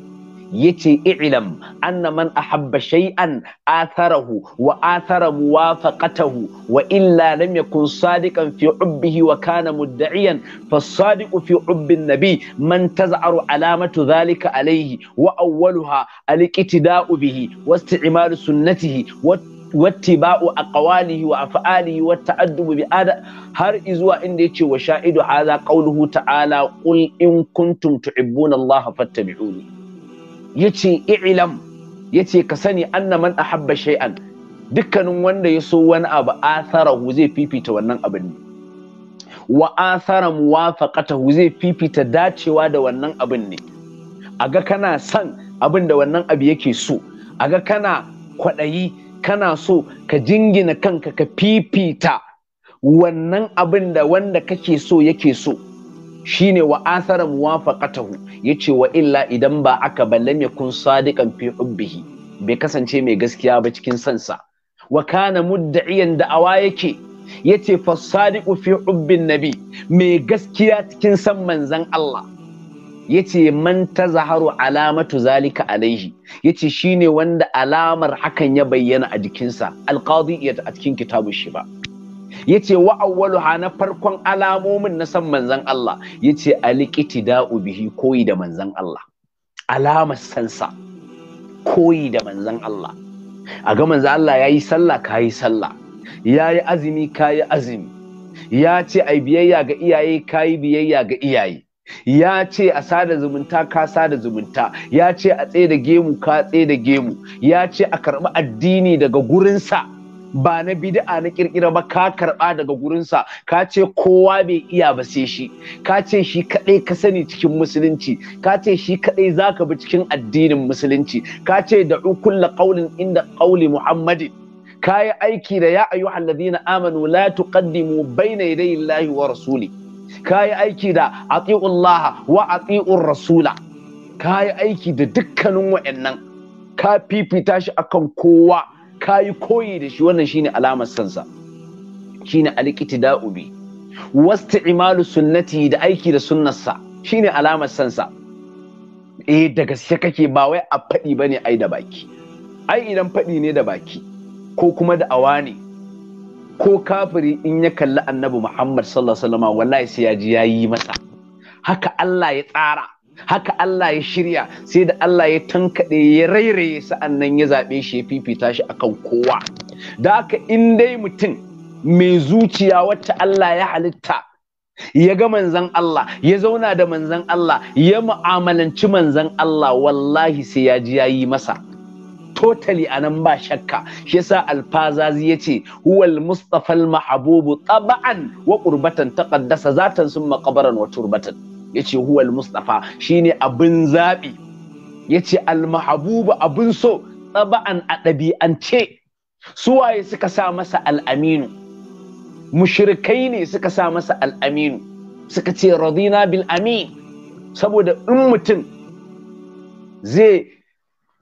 yace i'lam anna man ahabba shay'an atharahu wa athara muwafaqatahu wa illa lam yakun sadiqan fi hubbihi wa kana mudda'iyan fasadiqu fi hubbin nabi man taz'aru alamatu dhalika alayhi wa awwaluha aliqtida'u bihi wasti'malu sunnatihi wa wattiba'u aqwalihi wa af'alihi wa ta'addubu bi ada har izuwa inda yace wa sha'idu hadha qawluhu ta'ala qul in kuntum tuhibbuna Allah fattabi'uni yace i'lam yace ka sani anna man ahabba shay'an dukkanin wanda ya so wani abu atharahu zai fifita wannan abin ne wa athara muwafaqatahu zai fifita dacewa da wannan abin ne aga kana san abin da wannan abu yake so aga kana kwaɗayi kana so ka jingina kanka ka fifita wannan abin da wanda kake so yake so shine wa athara muwafaqatahu yace wa illa idan ba aka ballam yakun sadiqan fi ubbihi bai kasance mai gaskiya ba cikin sansa wa kana mudda'iyan da'awa yake yace fa sadiqu fi ubbin nabi mai gaskiya cikin san manzon Allah yace man tazaharu alamatu zalika alaihi yace shine wanda alamar hakan ya bayyana a jikinsa alqadi a cikin kitabu shi ba yace wa awwaluha na farkon alamomin na san manzan Allah yace aliqtida'u bihi koyi da manzon Allah alamar sansa koyi da manzan Allah a ga manzon Allah yayi sallah kayi sallah yayi azumi kayi azumi Yace ce ai biyayya ga iyaye kayi biyayya ga iyaye ya ce a sada zumunta ka sada zumunta ya ce a tsaye da gemu ka tsaye da gemu ya ce a karɓi addini daga gurinsa ba na bid'a na kirkira ba ka karba daga gurinsa ka ce kowa bai iya ba sai shi ka ce shi kadai ka sani cikin musulunci ka ce shi kadai zaka bi cikin addinin musulunci ka ce da kullu qaulin inda qauli muhammadin yi aiki da ya ayyuhal ladina amanu la tuqaddimu bayna yadayi llahi wa rasuli Ka yi aiki da atiullaha wa atiur rasula Ka yi aiki da dukkanin wa'annan ka fifita shi akan kowa Kayi koyi da shi wannan shine alamar sansa shine alƙitida'u bi wasti'malu sunnati da aiki da sunnarsa shine alamar sansa eh da gaske kake ba wai a faɗi bane ai da baki ai idan faɗi ne da baki ko kuma da awani ko kafiri in ya kalli annabi Muhammad sallallahu alaihi wallahi sai ya ji yayi masa haka Allah ya tsara haka Allah ya shirya sai da Allah ya tankaɗe ya rairaye sa'annan ya zaɓe shi ya fifita shi akan kowa da haka in dai mutum mai zuciya wacce Allah ya halitta ya ga manzan Allah ya zauna da manzan Allah ya mu'amalanci manzan Allah wallahi sai ya ji yayi masa totally nan ba shakka shi yasa alfazazi yace huwal mustafa al mahbubu taba'an wa qurbatan taqaddasa zatan summa qabaran wa turbatan Ya ce huwal mustafa shine abin zaɓi yace al mahbubu abin so tsaba'an a ɗabi'ance suwaye suka sa masa al'aminu mushrikai ne suka sa masa al'aminu suka ce radina bil amin saboda in mutum zai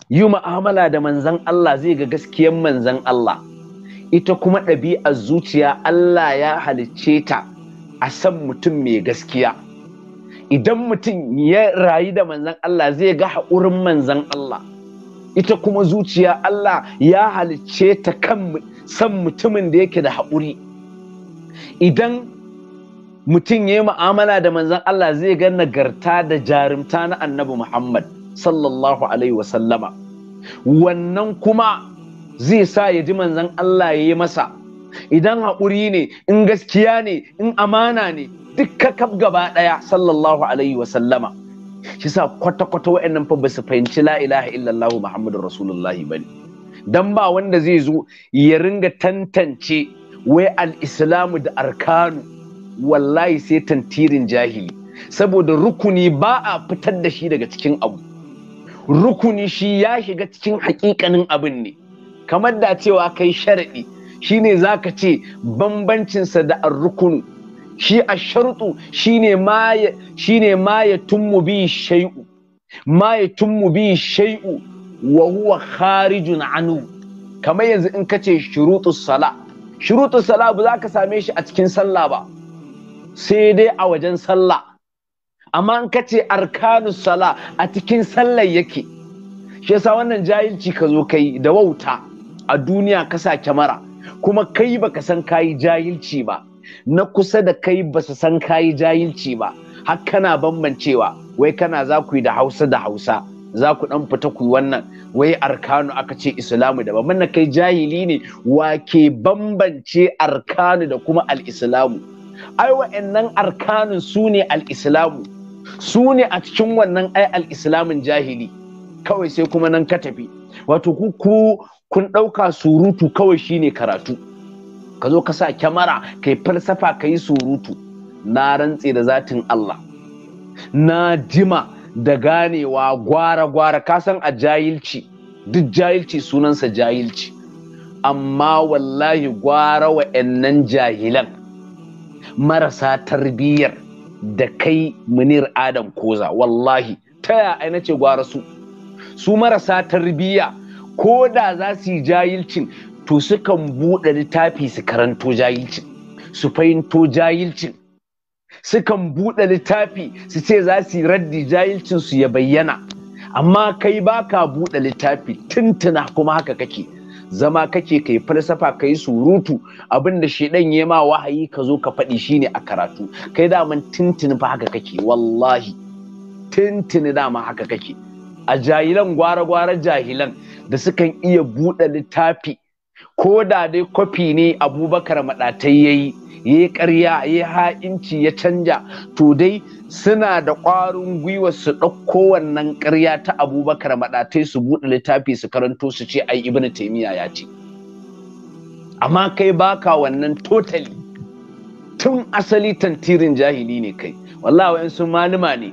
yi ma'amala da manzan Allah zai ga gaskiyan manzan Allah ita kuma ɗabi'ar zuciya Allah ya halicce ta a san mutum mai gaskiya idan mutum ya rayu da manzan Allah zai ga haƙurin manzan Allah ita kuma zuciya Allah ya halice ta kan san mutumin da yake da haƙuri idan mutum ya yi ma'amala da manzan Allah zai ga nagarta da jarumta na annabi Muhammad sallallahu alaihi wasallama wannan kuma zai sa ya ji manzan Allah ya yi masa idan haƙuri ne in gaskiya ne in amana ne duk kakab gaba ɗaya sallallahu alaihi wa sallama shi sa kwata-kwata wa'annan fa ba su fahimci la ilaha illallah muhammadur rasulullahi ba dan ba wanda zai zo ya ringa tantance wai al-islamu da arkanu wallahi sai tantirin jahili saboda rukuni ba a fitar da shi daga cikin abu rukuni shi ya shiga cikin hakikanin abin ne kamar da cewa kai sharaɗi shine zaka ce bambancinsa da ar-rukunu shi a sharuɗu shine ne shine ma ya bi shai'u. ma ya mu bi shai'u wa huwa kharijun anu kamar yanzu in kace shuruɗu sala shuruɗu sala ba za ka same shi a cikin sallah ba sai dai a wajen sallah amma in kace arkanu sala a cikin sallah yake shi yasa wannan jahilci ka zo kai da wauta a duniya ka sa kyamara kuma kai baka san kayi jahilci ba na kusa da kai ba su san kayi jayinci ba har kana bambancewa wai kana za ku yi da hausa da hausa za ku dan fita ku wannan wai arkanu aka ce islamu da ban na kai jahili ne wa ke bambance arkanu da kuma al-islamu ai wa'annan arkanun su ne al-islamu su ne a cikin wannan ai al jahili kawai sai kuma nan ka tafi wato ku kun ɗauka surutu kawai shine karatu ka zo ka sa kyamara ka yi falsafa ka yi surutu na rantse da zatin Allah na jima da ganewa gwara-gwara ka san a jahilci duk jahilci sunansa jahilci amma wallahi gwara wa nan jahilan marasa tarbiyyar da kai munir adam koza wallahi ta ya aina ce gwara su su marasa tarbiyya ko da za su yi jahilcin to sukan buɗe littafi su karanto jahilcin su fahimto jahilcin sukan buɗe littafi su ce za su yi raddi jahilcin su ya bayyana amma kai baka buɗe littafi tuntuna kuma haka kake zama kake kai falsafa kai surutu abin da shedan yayi ma wahayi ka zo ka faɗi shine a karatu kai daman tuntuni fa haka kake wallahi tuntuni dama haka kake a jahilan gwara-gwara jahilan da sukan iya buɗe littafi ko da dai kwafi ne abubakar maɗatai ya yi ya yi ƙarya ya yi ha'inci ya canja to dai suna da ƙwarin gwiwa su ɗauko wannan ƙarya ta abubakar maɗatai su buɗe littafi su karanto su ce ai ibnu taimiya ya ce amma kai baka wannan totali. tun asali tantirin jahili ne kai wallahi wayan sun maluma ne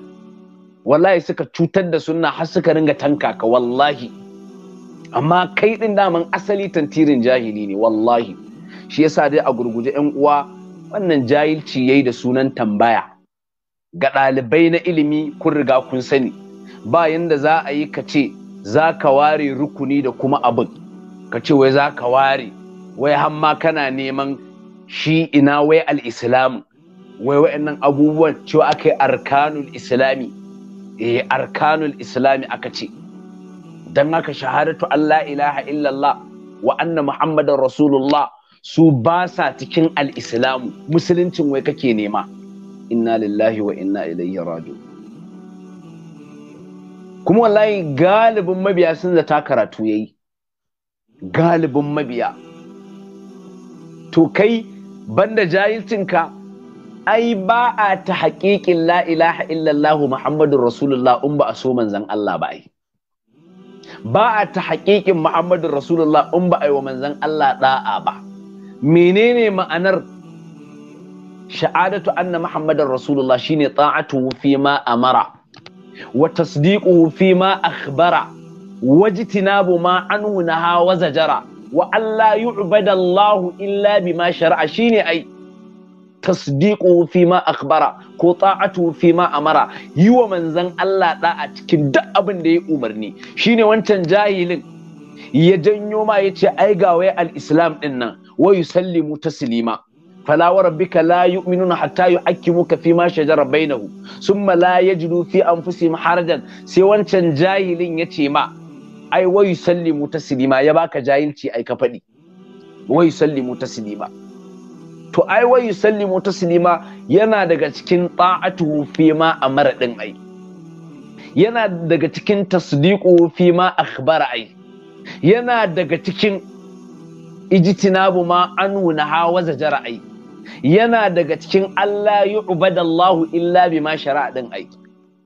wallahi suka cutar da sunna har suka ringa tanka ka wallahi amma kai din daman asali tantirin jahili ne wallahi shi yasa dai a gurguje yan uwa wannan jahilci yayi da sunan tambaya ga ɗalibai na ilimi kun riga kun sani ba yanda za a yi ka ce za ka ware rukuni da kuma abin ka ce wai za ka ware wai hamma kana neman shi ina wai al islam wai wa'annan abubuwan cewa aka yi arkanul islami eh arkanul islami aka ce dan haka shahadatu Allah ilaha illallah wa anna muhammadar rasulullah su ba sa cikin al'islamu musuluncin wai kake nema inna lillahi wa inna ilaihi raju kuma wallahi galibin mabiya sun zata karatu yayi galibin mabiya to kai banda jahilcinka ai ba a ta haƙiƙin la ilaha illallahu muhammadun rasulullah in ba a so manzan Allah ba ai ba a ta haƙiƙin Muhammadu Rasulullah in ba a yi wa manzan Allah ɗa'a ba menene ma'anar sha'adatu anna Muhammadar Rasulullah shine ta'atu fi ma amara wa tasdiquhu fi ma akhbara wajtinabu ma anhu naha wa zajara wa alla yu'badallahu illa bima shar'a shine ai tasdiquhu fi ma akhbara ko ta'atuhu fi ma amara yi wa manzon Allah a cikin duk abin da ya umarni shine wancan jahilin ya janyo ma yace ai ga wai al-islam din nan wa yusallimu taslima fala wa rabbika la yu'minuna hatta yu'akkimuka fi ma shajara bainahu summa la yajidu fi anfusihim harajan sai wancan jahilin yace ma ai wa yusallimu taslima ya baka jahilci ai ka faɗi wa yusallimu taslima to ai wa yusallimu taslima yana daga cikin ta'atu fi ma amara din ai yana daga cikin tasdiqu fi ma akhbara ai yana daga cikin ijtinabu ma anuna hawa wa zajara ai yana daga cikin Allah yu'badallahu illa bima shara'a din ai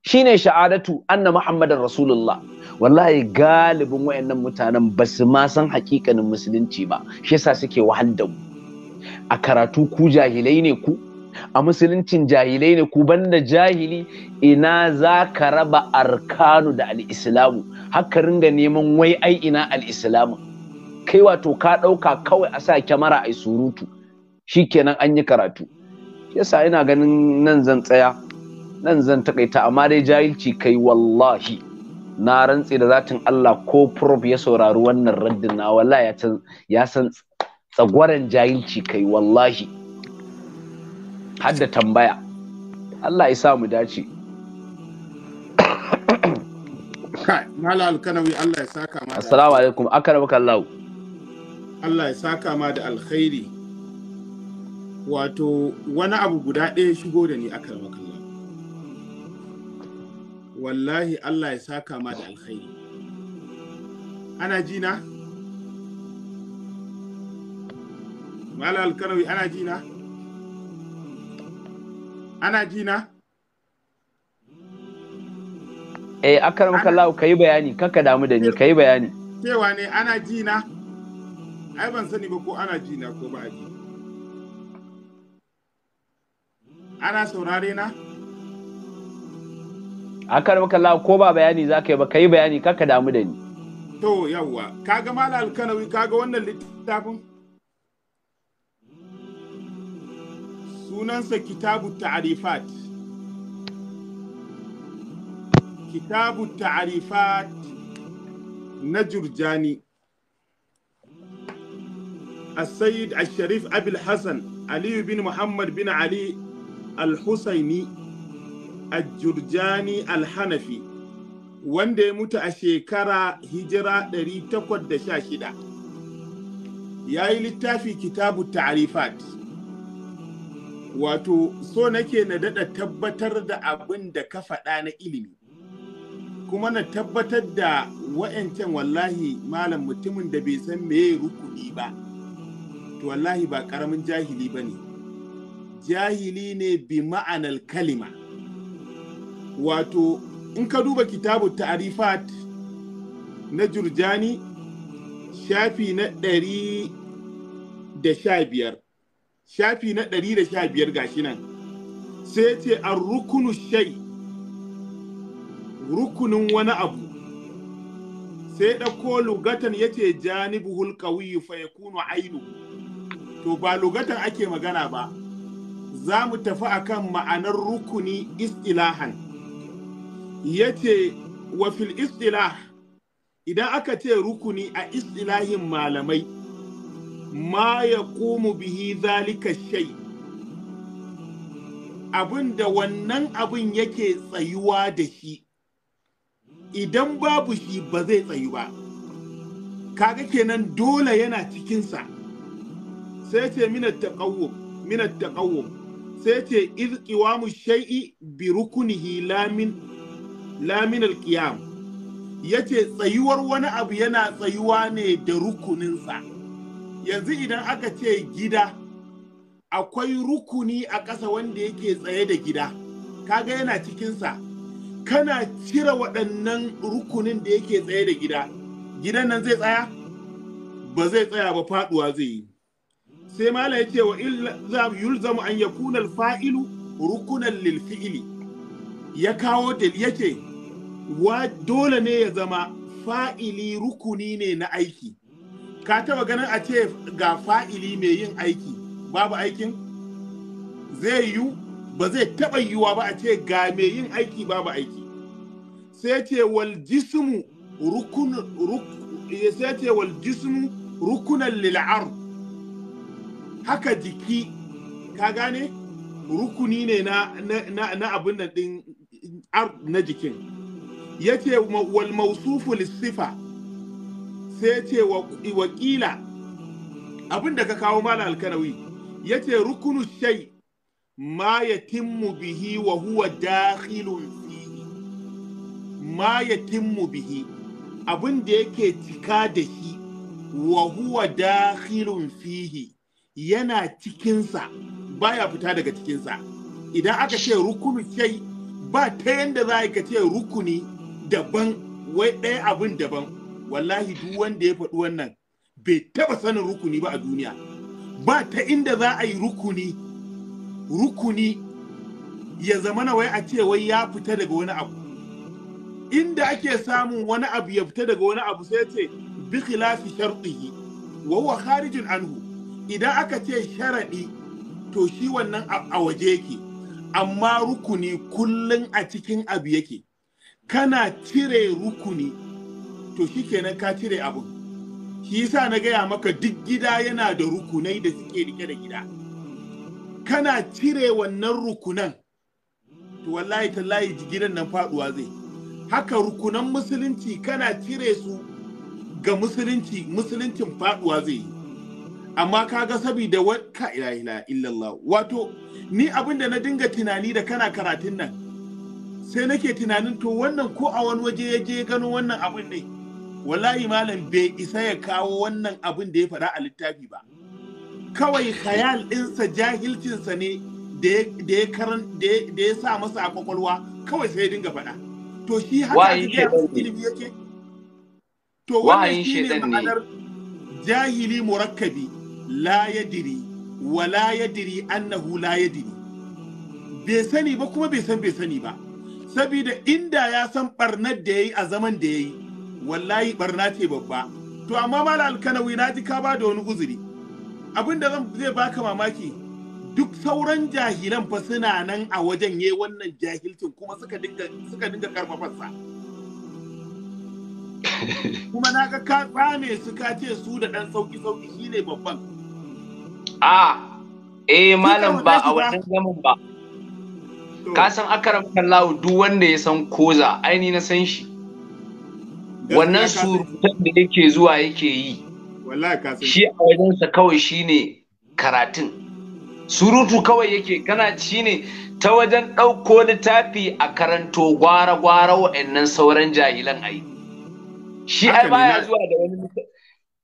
shine sha'adatu anna muhammadar rasulullah wallahi galibin wayannan mutanen basu ma san hakikanin musulunci ba shi yasa suke wahal da mu a karatu ku jahilai ne ku a musuluncin jahilai ne ku banda jahili ina za ka raba arkanu da al'islamu haka ringa neman wai ai ina al'islamu kai wato ka ɗauka kawai a sa kyamara ai surutu shi kenan an yi karatu yasa ina ganin nan zan tsaya nan zan takaita amma dai jahilci kai wallahi na rantse da zatin Allah ko prof ya saurari wannan raddin na wallahi ya san tsagwaran jahilci kai wallahi har da tambaya Allah ya sa mu dace Mala Alkanawi Allah ya saka ma Assalamu alaikum akarabaka Allah Allah ya saka ma da alkhairi wato wani abu guda ɗaya shigo da ni akarabaka Allah wallahi Allah ya saka ma da alkhairi ana ji na? Malam Alkanawi ana ji na? Ana ji na? Eh, akar makallahu ka yi bayani, kanka damu da ni, ka yi bayani. Cewa ne ana ji na? Ai ban sani ba ko ana ji na ko ba a ji. Ana saurare na? Akar makallahu ko ba bayani za ka yi ba, ka yi bayani, kanka damu da ni. To, yawwa, kaga Malam Alkanawi, kaga wannan littafin? sunansa kitabu ta'arifat na jujjani a sayyad ashirin abel hassan aliyu bin muhammad bin ali al-hussaini a jujjani al-hanafi wanda ya mutu a shekara hijira dari takwas da sha shida ya yi littafi kitabu ta'arifat. wato so nake na daɗa tabbatar da abin da ka faɗa na ilimi kuma na tabbatar da wa'ancan wallahi malam mutumin da bai san meye rukuni ba to wallahi ba ƙaramin jahili ba ne jahili ne bi ma'anar kalima wato in ka duba kitabu ta'arifat na jurjani shafi na ɗari da sha biyar shafi na ɗari da sha ga gashi nan sai ce an rukunu shai rukunin wani abu sai ɗauko lugatan ya ce janibu hulkawiyu fa ya kuno ainu to ba lugatan ake magana ba za mu tafi akan ma'anar rukuni istilahan ya ce wa fil istilah idan aka ce rukuni a istilahin malamai ma ya bihi zalika shai abin da wannan abin yake tsayuwa da shi idan babu shi ba zai tsayu ba kaga kenan dole yana cikinsa sai ce minar taqawwum minat sai ce izkiwa mu shai'i bi rukunihi lamin lamin alkiyam yace tsayuwar wani abu yana tsayuwa ne da rukuninsa yanzu idan aka ce gida akwai rukuni a ƙasa wanda yake tsaye da gida kaga yana cikinsa kana cire waɗannan rukunin da yake tsaye da gida gidan nan zai tsaya ba zai tsaya ba faɗuwa zai yi sai mala ya ce wa yulzamu an yakuna fa'ilu rukunan lil ya kawo da yake wa dole ne ya zama fa'ili rukuni ne na aiki ka taba ganin a ce ga fa'ili mai yin aiki babu aikin zai yi ba zai taba yiwa ba a ce ga mai yin aiki babu aiki sai ce wal jismu rukun sai rukunan lil haka jiki ka gane rukuni ne na na abin nan din na jikin yace wal mawsufu lis sai ce wakila abin da ka kawo mala alkanawi ya ce rukunu shai ma ya timmu bihi wa huwa dakhilun fihi ma ya timmu bihi abin da yake cika da shi wa huwa dakhilun fihi yana cikinsa baya fita daga cikinsa idan aka ce rukunu shai ba ta yanda za ka ce rukuni daban wai ɗaya abin daban wallahi duk wanda ya faɗi wannan bai taɓa sanin rukuni ba a duniya ba ta inda za a yi rukuni rukuni ya zama na wai a ce wai ya fita daga wani abu inda ake samun wani abu ya fita daga wani abu sai ce bi khilafi sharɗi. wa anhu idan aka ce sharaɗi to shi wannan a waje yake amma rukuni kullum a cikin abu yake kana cire rukuni to shi kenan ka cire abin? shi yasa na gaya maka duk gida yana da rukunai da suke rike da gida kana cire wannan rukunan to wallahi tallahi gidan nan faduwa zai haka rukunan musulunci kana cire su ga musulunci musuluncin faduwa zai yi amma kaga saboda wa ka ilaha illallah wato ni abinda na dinga tunani da kana karatun nan sai nake tunanin to wannan ko a wani waje ya je gano wannan abin ne wallahi malam bai isa ya kawo wannan abin da ya faɗa a littafi ba kawai khayal ɗinsa jahilcinsa ne da ya sa masa a kwakwalwa kawai sai ya dinga faɗa to shi haka ilimi yake to wannan shi ne ma'anar jahili murakkabi la yadiri wa la yadiri annahu la yadiri bai sani ba kuma bai san bai sani ba saboda inda ya san barnar da yayi a zaman da yayi wallahi barna ce babba to amma mala alkanawi na ji ka ba da wani uzuri abin da zai baka mamaki duk sauran jahilan fa suna nan a wajen ye wannan jahilcin kuma suka dinga suka dinga karfafarsa [LAUGHS] kuma na ga ka tsame su ka ce su da dan sauki sauki shine babban a eh malam ba a wannan zaman ba ka san akaram kallahu duk wanda ya san koza aini na san shi wannan surutan da yake zuwa yake yi shi a wajensa kawai shine karatun surutu kawai yake kana shine ta wajen ɗauko littafi a karanto gwara-gwara wa'annan sauran jahilan ayi shi ai baya zuwa da wani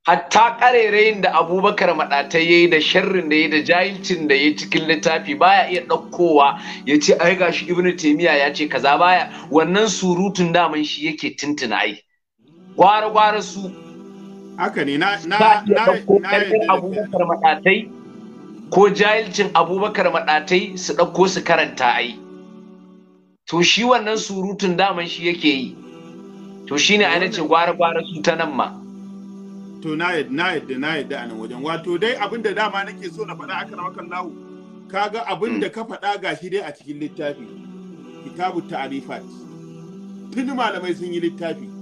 hatta ƙarerayin da abubakar maɗatai ya yi da sharrin da ya da jahilcin da ya cikin littafi baya iya ɗaukowa ya ce ai gashi ibnu taimiya ya ce kaza baya wannan surutun daman shi yake tuntuna ai gwara-gwara su haka ne na na na abubakar maɗatai ko jahilcin abubakar maɗatai su ɗauko su karanta a yi. to shi wannan surutun daman shi yake yi to shi shine ana ce gwara-gwara su ta nan ma to na yadda na yadda na yadda a nan wajen wato dai abin da dama nake so na faɗa akan wakan lahu kaga abin hmm. da ka faɗa gashi dai a cikin littafi kitabu ta'arifat tun malamai sun yi littafi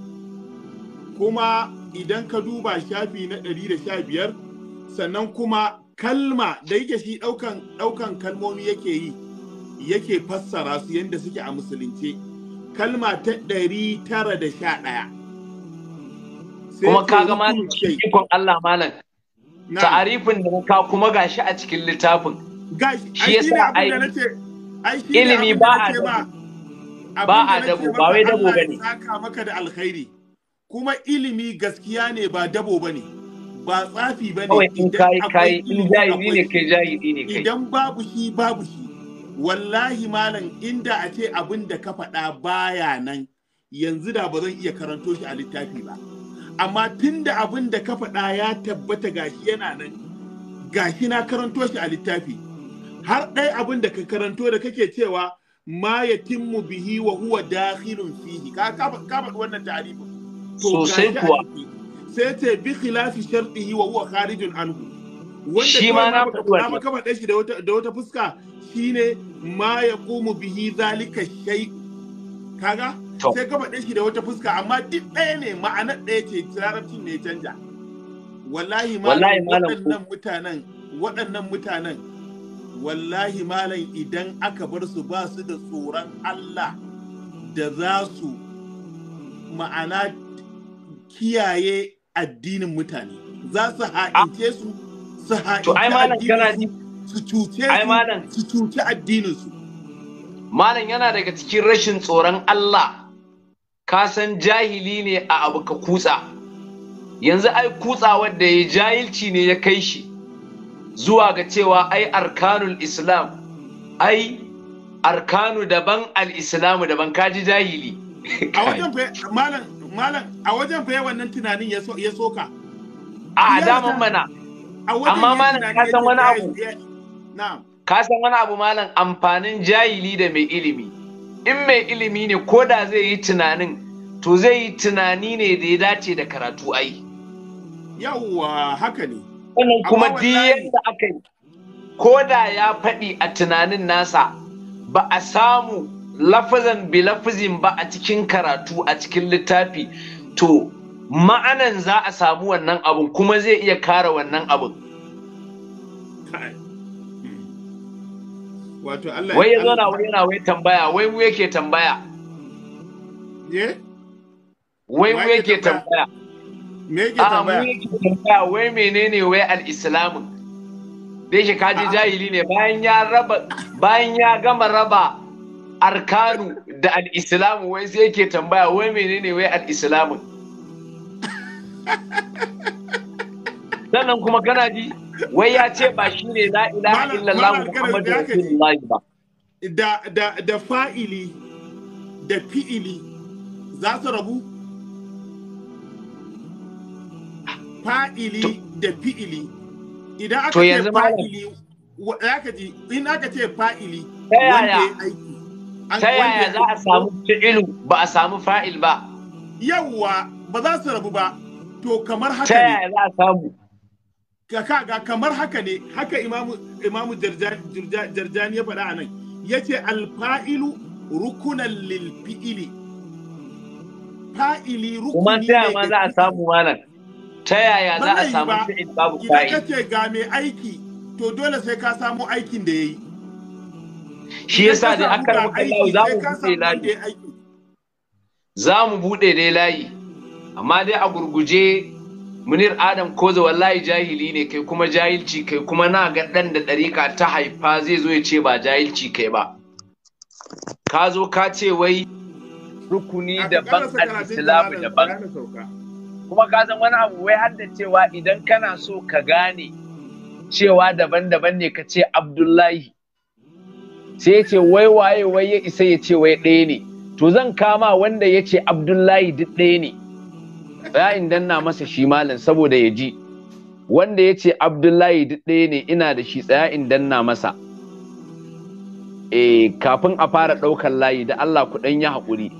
kuma idan ka duba shafi na 115 sannan kuma kalma da yake shi ɗaukan kalmomi yake yi yake fassara su yadda suke a Musulunci, kalma ta 911 kuma kaga malam cikin Allah malam ta'arifin da ka kuma gashi a cikin littafin shi yasa ai ilimi ba a dabo ba wai dabo bane saka maka da alkhairi kuma ilimi gaskiya ne ba dabo ba ne ba tsafi ba ne idan babu shi babu shi wallahi malam inda a ce abin da ka faɗa baya nan yanzu da ba zan iya karanto shi a littafi ba amma tun da abin da ka faɗa ya tabbata gashi yana nan gashi na karanto shi a littafi har ɗai abin da ka karanto da kake cewa ma yatimmu bihi wa huwa dakhilun fihi ka ka faɗi wannan ta'arifin sosai kuwa sai ce bi khilafi shartihi wa huwa kharijun anhu wanda shi ma na faɗi shi da wata fuska shine ma ya qumu bihi zalika shay kaga sai ka faɗe shi da wata fuska amma duk ɗaya ne ma'anar ɗaya ce larabcin ne canja wallahi malam waɗannan mutanen waɗannan mutanen wallahi malam idan aka bar su ba su da tsoron Allah da za su ma'ana kiyaye addinin mutane za su ha'ince su su ha'ince su cuce su cuce addinin su malam yana daga cikin rashin tsoron Allah ka san jahili ne a abu ka kutsa yanzu ai kutsa wanda ya jahilci ne ya kai shi zuwa ga cewa ai arkanul islam ai arkanu daban al-islamu daban kaji jahili a wajen malam malam a wajen fa wannan tunanin ya soka a daman mana amma malam ka san wani abu ka san wani abu malam amfanin jahili da mai ilimi in mai ilimi ne ko da zai yi tunanin to zai yi tunani ne da ya dace da karatu ai yawwa haka ne wannan kuma duk da aka yi ko da ya faɗi a tunanin nasa ba a samu lafazan bi lafazin ba a cikin karatu a cikin littafi to ma'anan za a samu wannan abun kuma zai iya kara wannan abun hmm. wato Allah wai ya zauna wai yana wai tambaya wai mu yake tambaya wai mu yake tambaya me yake tambaya mu yake tambaya wai menene wai al-islamu dai shi kaji jahili ne bayan ya raba bayan ya gama raba arkanu da al'islamu wai sai yake tambaya wai menene wai al'islamu sannan kuma kana ji wai ya ce ba shi ne la ilaha illallah muhammadu rasulullahi ba da da da fa'ili da fi'ili za su rabu fa'ili da fi'ili idan aka ce fa'ili in aka ce fa'ili wanda ya aiki ta yaya za a samu fi'ilu ba a samu fa'il ba yawwa ba za su rabu ba to kamar haka ne ta yaya za a samu ka kaga kamar haka ne haka imamu imamu jarjani ya faɗa a nan ya yace alfa'ilu rukunan lil fi'ili fa'ili rukuni kuma ta yaya ma za a samu malam ta yaya za a samu fi'il babu fa'il ka ce ga mai aiki to dole sai ka samu aikin da ya yi. shi yasa dai aka karɓi Allah za mu bude layi za mu buɗe dai layi amma dai a gurguje munir adam ko za wallahi jahili ne kai kuma jahilci kai kuma na ga ɗan da ɗarika ta haifa zai zo ya ce ba jahilci kai ba ka zo ka ce wai rukuni daban al-islamu daban kuma ka san wani abu wai har da cewa idan kana so ka gane cewa daban-daban ne ka ce abdullahi sai ya ce wai waye wai ya isa ya ce wai ɗaya ne to zan kama wanda ya ce abdullahi duk ɗaya ne ya in danna masa shi malam saboda ya ji wanda ya ce abdullahi duk ɗaya ne ina da shi tsaya in danna masa e kafin a fara ɗaukar layi da Allah ku ɗan yi haƙuri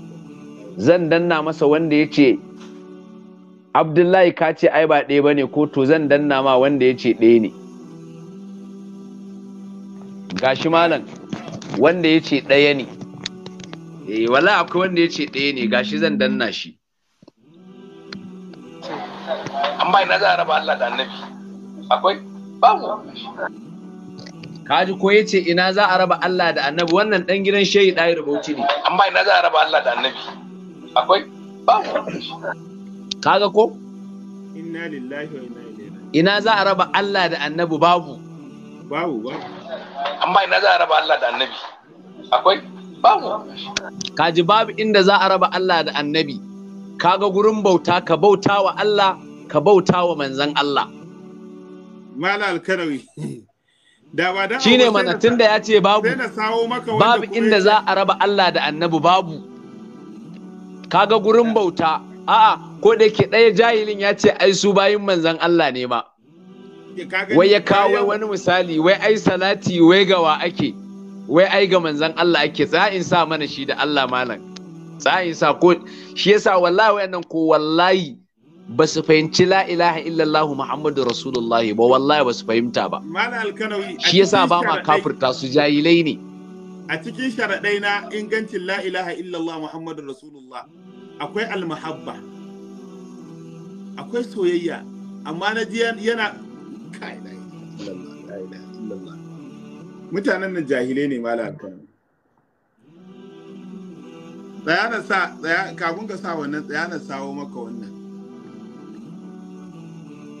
zan danna masa wanda ya ce abdullahi ka ce ai ba ɗaya ba ne ko to zan danna ma wanda ya ce ɗaya ne gashi malam wanda ya ce ɗaya ne eh wala akwai wanda ya ce ɗaya ne gashi zan danna shi an bai na zara ba Allah da annabi akwai babu kaji ko ya ce ina za a raba Allah da annabi wannan dan gidan shehi ɗaya rubuci ne an bai na zara ba Allah da annabi akwai babu kaga ko inna lillahi wa inna ilaihi ina za a raba Allah da annabi babu babu babu amma ina za a raba Allah da annabi akwai babu kaji babu inda za a raba Allah da annabi kaga gurin bauta ka bauta wa Allah ka bauta wa manzan Allah mala alkarawi da ba da shine mana tunda ya ce babu babu inda za a raba Allah da annabi babu kaga gurin bauta a'a ko da ke ɗaya jahilin ya ce ai su bayin manzan Allah ne ba. wai ya kawo wani misali wai ai salati wai gawa ake wai ai ga manzan Allah ake tsa'in sa mana shi da Allah malam tsa'in sa ko shi yasa wallahi wayannan ko wallahi ba su fahimci la ilaha illallah muhammadu rasulullah ba wallahi ba su fahimta ba shi yasa ba ma kafirta su jahilai ne a cikin sharadai na ingancin la ilaha illallah muhammadu rasulullah akwai almahabba akwai soyayya amma na yana mutanen nan jahilai ne ma tsaya na sa tsaya kafin ka sa wannan tsaya na sawo maka wannan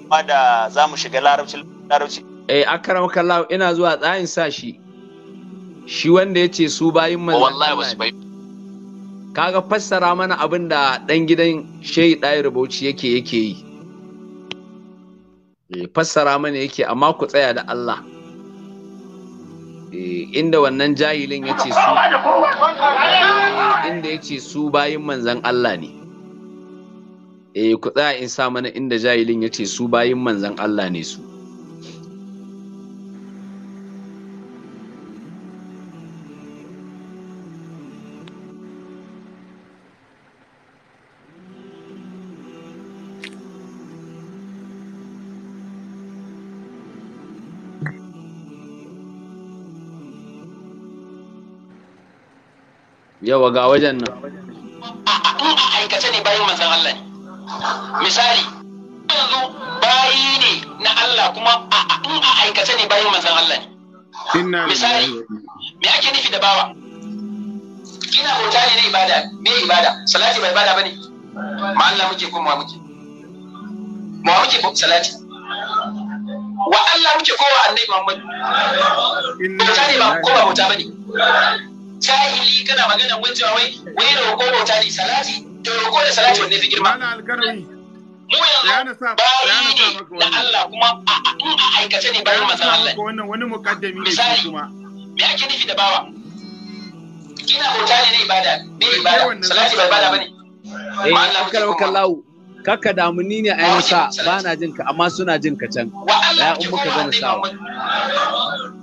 kuma da za mu shiga larabci larabci eh akaram kallahu ina zuwa tsayin sa shi shi wanda yace su bayin manzo wallahi wasu bai kaga fassara mana abin da dan gidan shehi dai rubuci yake yake yi Eh, fassara mana yake amma ku tsaya da Allah eh, inda wannan jahilin ya ce su inda ya ce su bayin manzan Allah ne eh ku tsaya in sa mana inda jahilin ya ce su bayin manzan Allah ne su yawa ga wajen nan in a aikace ne bayan manzan Allah ne misali yanzu bayi ne na Allah kuma in a aikace ne bayan manzan Allah ne misali me ake nufi da bawa ina bauta ne na ibada me ibada salati ba ibada bane ma Allah muke ko ma muke ma muke salati wa Allah muke ko wa annabi Muhammad bauta ne ba ko ba bauta bane jahili kana magana gunjawa wai wai da ko bauta ne salati da roko da salati wanne fi girma mu yanzu bayi ne na Allah kuma a aikace ne bayan manzon Allah misali me ake nufi da bawa kina bauta ne na ibada ne ibada salati ba ibada bane eh akara kallahu kaka damu ni ne a yi sa ba na jin ka amma suna jin ka can ya in muka gana sawa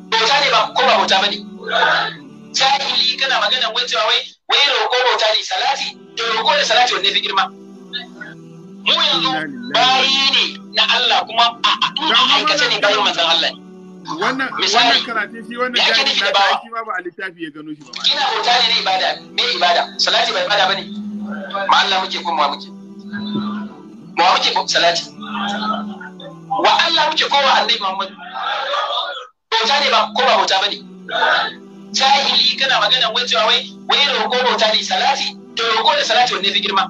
bauta ne ba ko ba bauta bane jahili kana magana wai cewa wai wai roko bauta ne salati to roko da salati wanne fi girma mu yanzu bayi ne na Allah kuma a aikace ne bayan manzon Allah wannan wannan karatun shi wannan jahili na da ba a littafi ya gano shi ba kina bauta ne ne ibada me ibada salati ba ibada bane ma Allah muke kuma muke ma muke salati wa Allah muke ko wa annabi Muhammad bauta ne ba ko ba bauta bane jahili kana magana wai cewa wai wai roƙo bauta ne salati to roko da salati wanne fi girma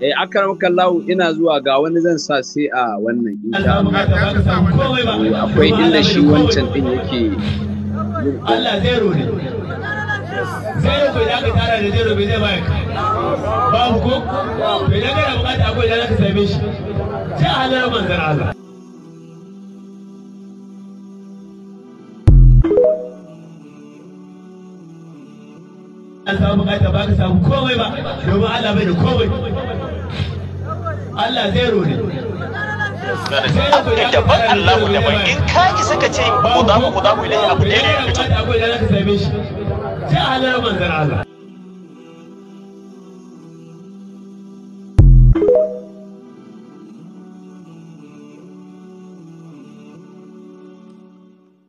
eh akram kallahu ina zuwa ga wani zan sa sai a wannan insha Allah akwai inda shi wancan din yake Allah zero ne zero bai da ka tara da zero bai zai ba babu ko bai da ka bukata akwai da ka same shi sai a manzar Allah an samu bukata ba ka samu komai ba domin Allah bai da komai Allah zero ne da ban Allah da ban in ka ki saka ce ku da ku da ku ilai abu da ne akwai da ka same shi sai halar manzon Allah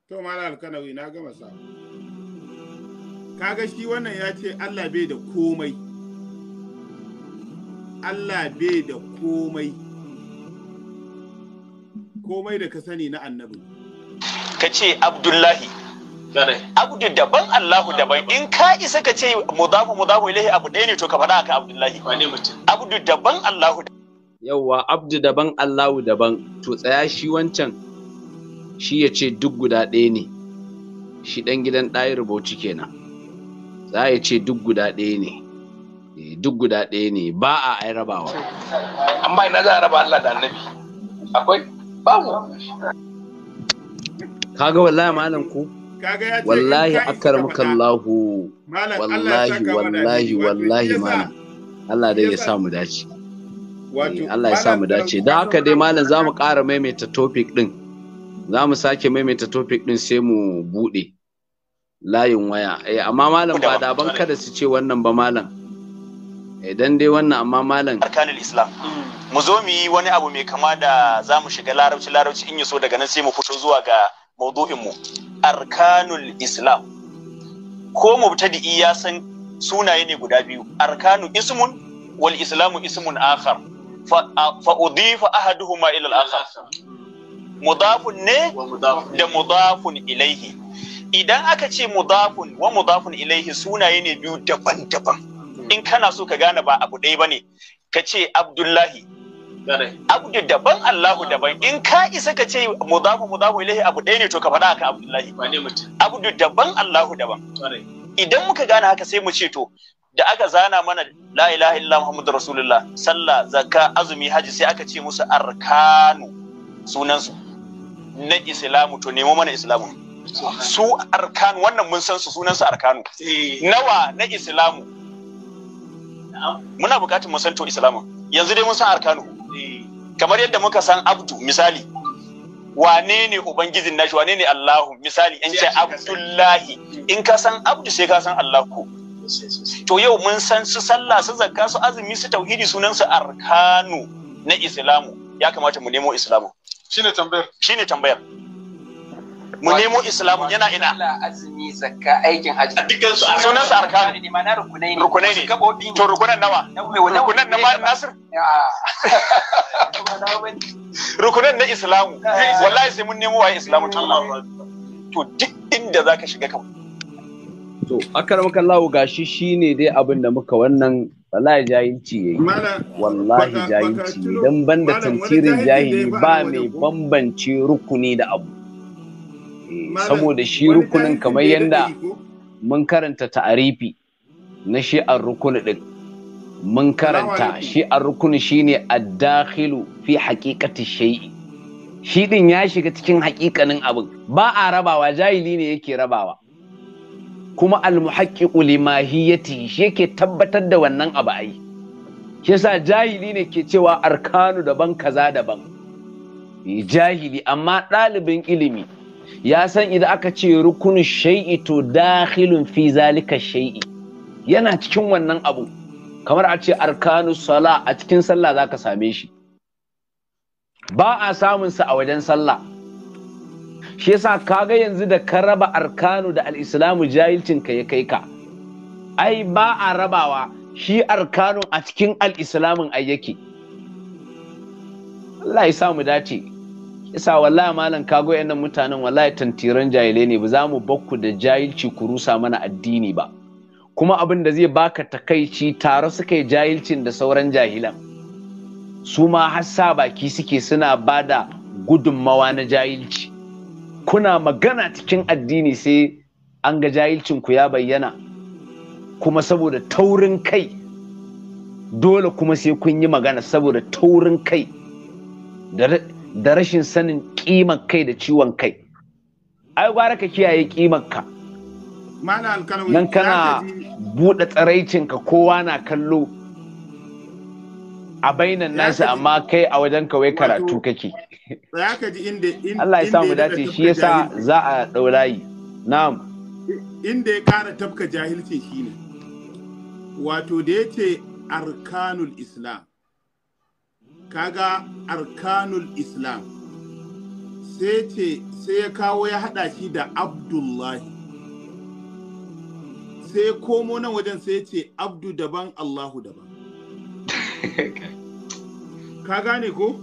To Malam Alkanawi na gama sa. kaga shi wannan ya ce Allah bai da komai Allah bai da komai komai da ka sani na annabi ka ce abdullahi abdu daban allahu daban in ka isa ka ce mudafu mudafu ilahi abu ɗaya ne to ka faɗa ka abdullahi abdu daban allahu Yauwa abdu daban allahu daban to tsaya shi wancan shi ya ce duk guda ɗaya ne shi ɗan gidan ɗayi rubuci kenan za a ce duk guda ɗaya ne eh, duk guda ɗaya ne ba a ai rabawa amma ina za a raba Allah da annabi akwai mu kaga wallahi malam ku? wallahi akramaka Allahu wallahi wallahi wallahi malam Allah dai ya sa mu dace eh, Allah ya sa mu dace don haka dai malam za mu ƙara maimaita topic din za mu sake maimaita topic din sai mu buɗe layin waya eh amma malam ba da ban kada su ce wannan ba malam idan eh, dai wannan amma malam arkanul islam mu zo mu yi wani abu mai kama da za mu shiga larabci larabci in so daga nan sai mu fito zuwa ga maudu'in mu arkanul islam ko mubtadi ya san sunaye ne guda biyu arkanu ismun wal islamu ismun akhar fa udifa ahaduhuma ila al akhar mudafun ne da mudafun ilaihi idan aka ce mudafun wa mudafun ilaihi sunaye ne biyu daban-daban in kana so ka gane ba abu ɗaya ne, ka ce abdullahi abdu daban allahu daban in ka isa ka ce mudafun mudafun ilaihi abu ɗaya ne to ka faɗa haka abdullahi abdu daban allahu daban idan muka gane haka sai mu ce to da aka zana mana la ilaha illa muhammadu rasulullah sallah zakka azumi haji sai aka ce musu arkanu sunansu na islamu to nemo mana islamu su arkanu wannan mun san su sunan su arkanu eh. nawa na islamu muna bukatun mu san to islamu yanzu dai mun san arkanu eh. kamar yadda muka san abdu misali wane ne ubangijin nashi wane ne Allahu misali in ce Abdullahi in ka san Abdu sai ka san Allahu to yau mun san su sallah su zakka su azumi su tauhidi sunan su arkanu na islamu ya kamata mu nemo islamu shine tambayar shine tambayar mu nemo islamu yana ina azumi zakka aikin hajji dukkan su sunan sa arkanu rukunai ne rukunai ne to rukunan nawa rukunan na nasir [LAUGHS] rukunan na islamu wallahi sai mun nemo waye islamu to duk inda zaka shiga ka to akaramu kallahu gashi shine dai abin da muka wannan wallahi jahilci yayi wallahi jahilci dan banda tantirin jahili ba mai bambance rukuni da abu saboda shi rukunin kamar yadda mun karanta ta'arifi na shi a rukuni ɗin mun karanta shi a rukuni shine addakhilu fi haƙiƙati shay'i shi ɗin ya shiga cikin haƙiƙanin abin ba a rabawa jahili ne yake rabawa kuma almuhaqqiqu limahiyati shi yake tabbatar da wannan abu ai yasa jahili ne ke cewa arkanu daban kaza daban jahili amma ɗalibin ilimi ya san idan aka ce rukunu shay'i to dakhilun fi zalika shay'i yana cikin wannan abu kamar a ce arkanu sala a cikin sallah zaka same shi ba a samun sa a wajen sallah shi yasa kaga yanzu da ka raba arkanu da al-islamu al-islamu jahilcin ka ya kai ka ai ba a rabawa shi arkanu a cikin al-islamun ayyake Allah ya samu dace isa wallahi malam kago yannan mutanen wallahi tantiran jahilai ne ba za mu bakku da jahilci ku rusa mana addini ba kuma abin da zai baka takaici tare suka yi jahilcin da sauran jahilan su ma hassa baki suke suna ba da gudunmawa na jahilci kuna magana cikin addini sai an ga jahilcin ku ya bayyana kuma saboda taurin kai dole kuma sai kun yi magana saboda taurin kai da rashin sanin kiman kai da ciwon kai ai gwara ka kiyaye kiman ka nan kana buɗe tsaraicinka kowa na kallo a bainan nasu amma kai a wajen kawai karatu kake [LAUGHS] Allah ya samu dace shi yasa za a ɗaurayi na'am inda ya ƙara tafka jahilci shine wato da ya ce arkanul islam kaga arkanul islam sai ce sai ya kawo ya hada shi da abdullahi sai komo nan wajen sai ce abdu daban allahu daban [LAUGHS] ka gane ko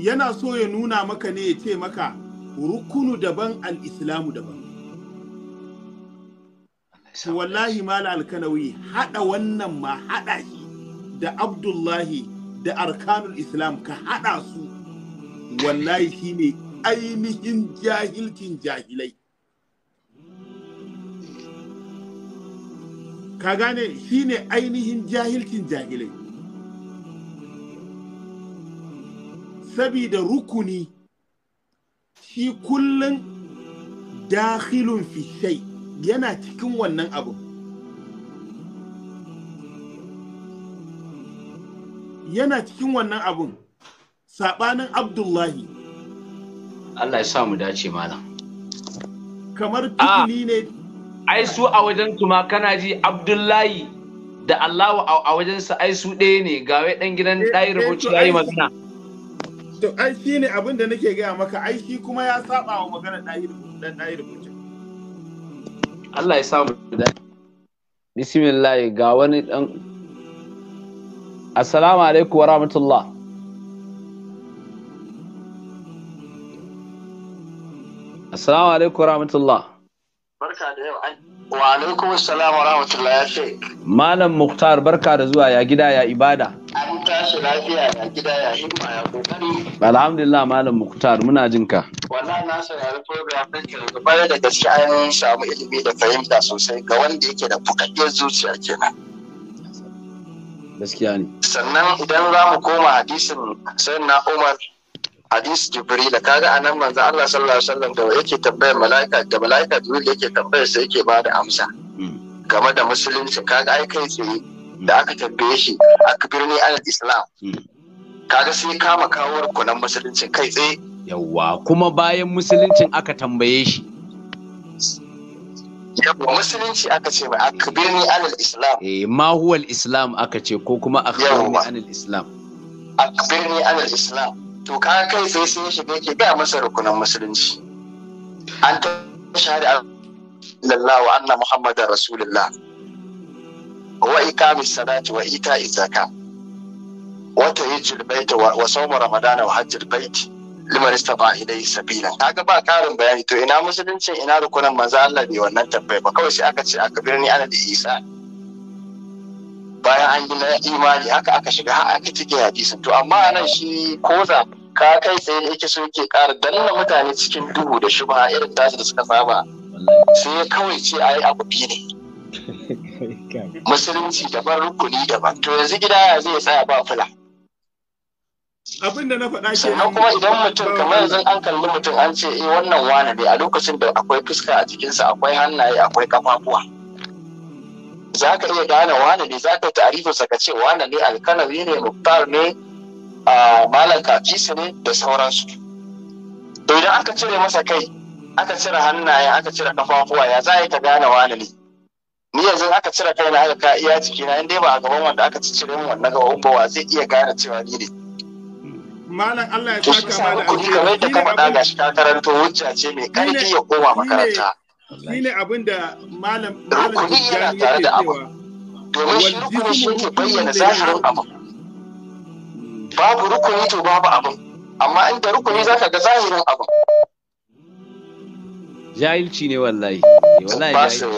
yana so ya nuna maka ne ya ce maka rukunu daban al-islamu daban wallahi mala alkanawi hada wannan ma hada shi da abdullahi da arkanul islam ka haɗa su wallahi shine ainihin jahilkin jahilai ka gane shine ainihin jahilcin jahilai sabida rukuni shi kullum dakhilun fi yana cikin wannan abun. yana cikin wannan abun saɓanin abdullahi Allah ya sa mu dace malam kamar ah, tukuli ne ai su a wajen kuma kana ji abdullahi da Allahu a wajen sa ai su ɗaya ne ga wai dan gidan dai eh, eh, rubuci yayi magana to ai shi ne abin da nake gaya maka ai shi kuma ya saba wa magana dai dan dai rubuci Allah ya sa mu dace bismillah ga wani dan assalamu alaikum wa rahmatullah assalamu alaikum wa rahmatullah barka da yau wa alaikum assalam wa rahmatullah ya ce malam muhtar barka da zuwa ya gida ya ibada an tashi lafiya ya gida ya himma ya kokari alhamdulillah malam muhtar muna jin ka wallahi na saurari program din ka daga da gaske, an samu ilimi da fahimta sosai ga wanda yake da bukakkiyar zuciya kenan gaskiya ne sannan idan za mu koma hadisin sayyidina Umar hadis Jibril kaga anan manzo Allah sallallahu alaihi wasallam da yake tambayar mala'ika da mala'ika Jibril yake tambayar sai yake ba da amsa hmm. game da musulunci kaga ai kai tsaye da hmm. aka tambaye shi aka birni al Islam hmm. kaga sai kama kawo rukunan musulunci kai tsaye yawwa kuma bayan musuluncin aka tambaye shi yabba musulunci aka ce mai akbirni anil islam eh ma huwa islam aka ce ko kuma akhbirni anil islam akbirni anil islam to ka kai sai sun shiga yake ga masa rukunan musulunci an ta shari'a Allah wa anna muhammadar rasulullah wa iqamis salati wa ita'iz zakat wa tahijjul baita wa sawm ramadana wa hajjul liman istaba idai sabila kaga ba karin bayani to ina musulunci ina rukunan manzo Allah ne wannan tabbai ba kawai sai aka ce aka birni ana da Isa bayan an gina imani haka aka shiga aka cike hadisin to amma anan shi koza ka kai tsaye yake so yake ƙara danna mutane cikin duhu da shubha irin tasu da suka saba sai kawai ce ai abu biyu ne [LAUGHS] musulunci daban rukuni daban to yanzu gida zai tsaya ba fula abin da na faɗa ke sannan kuma idan mutum kamar yanzu an kalli mutum an ce eh wannan wani ne a lokacin da akwai fuska a jikinsa akwai hannaye akwai kafafuwa za ka iya gane wani ne za ka tarifinsa ka ce wani ne alkanawi ne muktar ne ah, malam kafisi ne da sauransu to idan aka cire masa kai aka cire hannaye aka cire kafafuwa ya za ka gane wani ne ni yanzu aka cire kai na aka iya jikina in inda ba a gaban wanda aka cire min wannan gaban ba zai iya gane cewa ni ne malam Allah ya saka ma da alheri kamar da kuma da gashi ka karanto hujja ce mai karfi ya koma makaranta ni ne abin da malam malam yana tare da abu domin shi rukuni shi ke bayyana zahirin abu babu rukuni to babu abu amma inda rukuni zaka ga zahirin abu jahilci ne wallahi wallahi ba su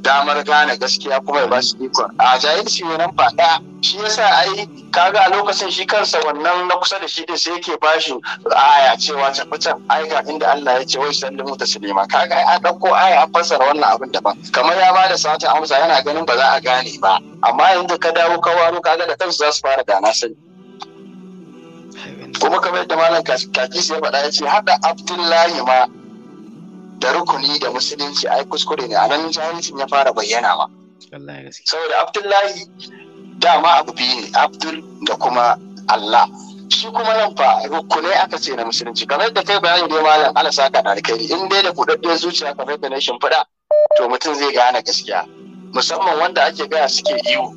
damar gane gaskiya kuma ya ba su ikon a jahilci ne nan ba ɗaya shi yasa ai kaga a lokacin shi kansa wannan na kusa da shi da sai yake bashi aya cewa can can ai ga inda Allah ya ce wai sallimu taslima kaga ai an dauko aya an fassara wannan abin da ba kamar ya bada sata amsa yana ganin ba za a gane ba amma yanzu ka dawo ka waro kaga da kansu za su fara gana sani kuma kamar yadda malam kakis ya faɗa ya ce haɗa abdullahi ma da rukuni da musulunci ai kuskure ne a nan jahilcin ya fara bayyana ma saboda abdullahi dama abu biyu ne abdul da kuma allah shi kuma nan fa rukunai aka ce na musulunci kamar da kai bayani dai malam allah saka da alkhairi in dai da kudaddiyar zuciya kamar yadda na shimfiɗa to mutum zai gane gaskiya musamman wanda ake gaya suke iyo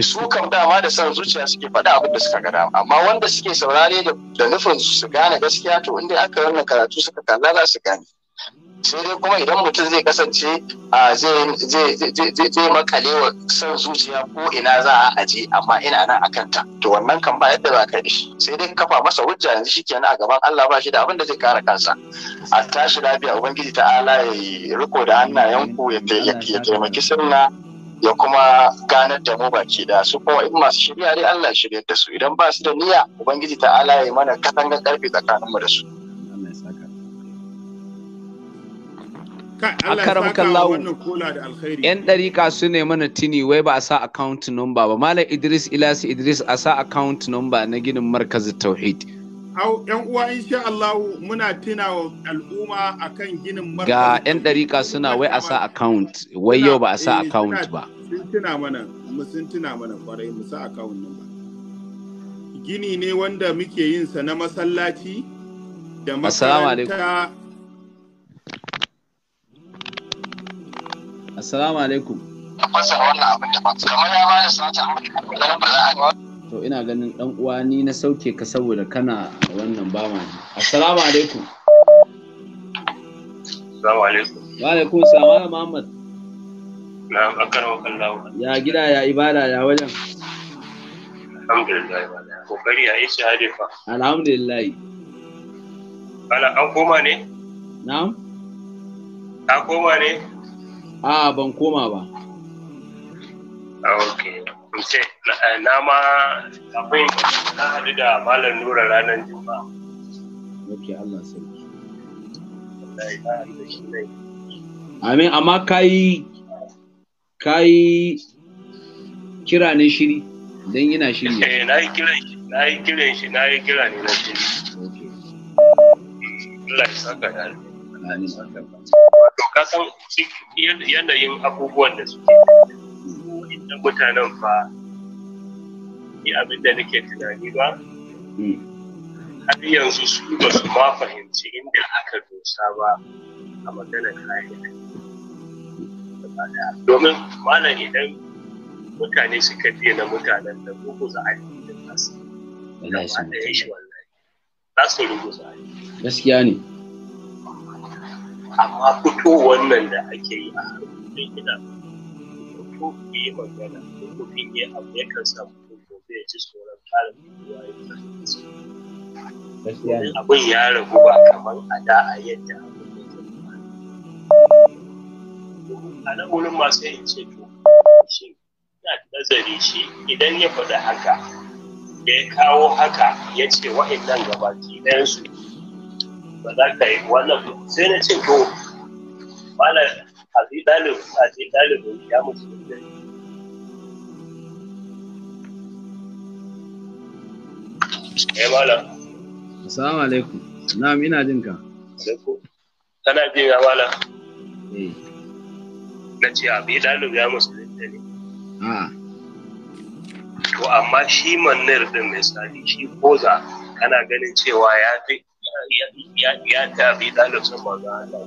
su kam dama da san zuciya suke faɗa abin da suka gada amma wanda suke saurare da nufin su gane gaskiya to inda aka wannan karatu suka kalla za su gane sai dai kuma idan mutum zai kasance zai makale wa son zuciya ko ina za a aje amma ina nan a kanta to wannan kan ba yadda za ka shi sai dai kafa masa hujja yanzu shi ke a gaban Allah ba shi da abin da zai kara kansa a tashi lafiya ubangiji ta'ala ya yi riko da hannayenku ya taimaki sunna ya kuma ganar da mu baki da su kuma in masu shirya dai Allah shirya da su idan ba su da niyya ubangiji ta'ala ya yi mana katanga karfi tsakaninmu da su a akaram kallawu yan ɗarika su ne mana tini wai ba a sa account number ba malam idris ilasi idris a sa account number na ginin markazin tauhid au yan uwa insha Allah muna tuna wa al'umma akan ginin markazin ga yan ɗarika suna wai a sa account wai yau ba a sa account eh, ba sun tuna mana mu sun tuna mana kwarai mu sa account number gini ne wanda muke yin sa na masallaci da makaranta Assalamu alaikum. kamar ya bani sata a to ina ganin dan uwa ni na sauke ka saboda kana wannan ba ma assalamu alaikum assalamu alaikum wa alaikum assalam muhammad na'am akana wa kallahu ya gida ya ibada ya wajen alhamdulillah kokari ya isa fa. alhamdulillah ala an koma ne na'am ta koma ne A'a ban koma ba. Ah, ok. Eh, na ma na da Malam Nura ranar Juma'a. Allah Amin, amma kayi kayi kira ne shiri don yana shiri. na yi kiran na yi kiran shi, na kira ne shiri. Mm, to ka san yanayin abubuwan da suke inda mutanen fa yi abin da nake tunani ba hmm. har yanzu su ba su ma fahimci inda aka dosa ba a magana kayan domin malam idan mutane suka fiye na mutanen da ruguza addinin nasu za su rubuta addinin gaskiya ne amma fito wannan da ake yi a harkokin gida fito ku yi magana ko mutum ya abu ya kan samu ya ci tsoron tsarin ruwa ya kasance abin ya ragu ba kamar a da a yadda abin ya zama a nan wurin masu yin ce to shi ya nazari shi idan ya faɗi haka da ya kawo haka ya ce wa'in nan gabaki ɗayansu ba za ka yi wannan sai na ce to malam azi dalib azi dalib ya musu da Eh malam. Assalamu alaikum. Na'am ina jin ka. Kana jin ya malam? Eh. Na ce abi dalib ya musu da ne. To amma shi mannar din misali shi koza kana ganin cewa ya fi ya tafi ɗalibin manzo Allah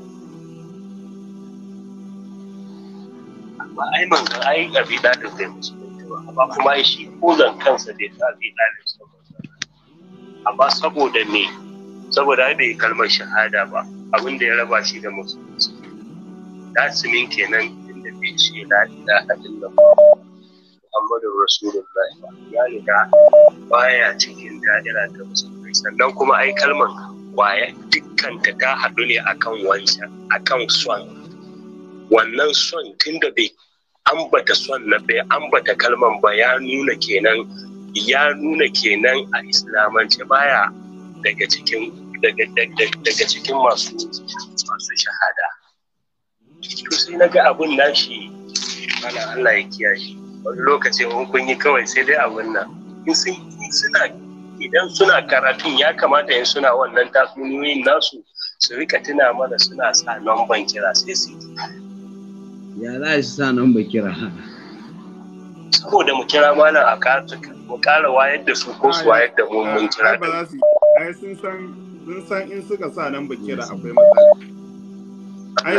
amma ai manzo ai abi ɗalib bai musulunci ba kuma ai shi ko zan kansa bai tafi ɗalibin manzo amma saboda me saboda ai bai kalmar shahada ba abinda ya raba shi da musulunci lasimin kenan inda bai ce la ilaha illallah Muhammadu Rasulullah ya riga baya cikin da'ira ta musulmai sannan kuma ai kalman kwaya dukkan ta ta haɗu ne akan wancan akan son wannan son tun da bai ambata son na bai ambata kalman ba ya nuna kenan ya nuna kenan a islamance baya daga cikin daga cikin masu masu shahada to sai na ga abun nashi mana Allah ya kiyaye wani lokacin kun yi kawai sai dai abun nan in sun suna idan suna karatun ya kamata in suna wannan tatsuniyoyin nasu su rika tuna mana suna sa namban kira sai su yi ya za su sa namban kira saboda mu kira mana a kartuka mu kara wayar da su ko su wayar da mu mun kira Ai sun san sun san in suka sa namban kira akwai matsala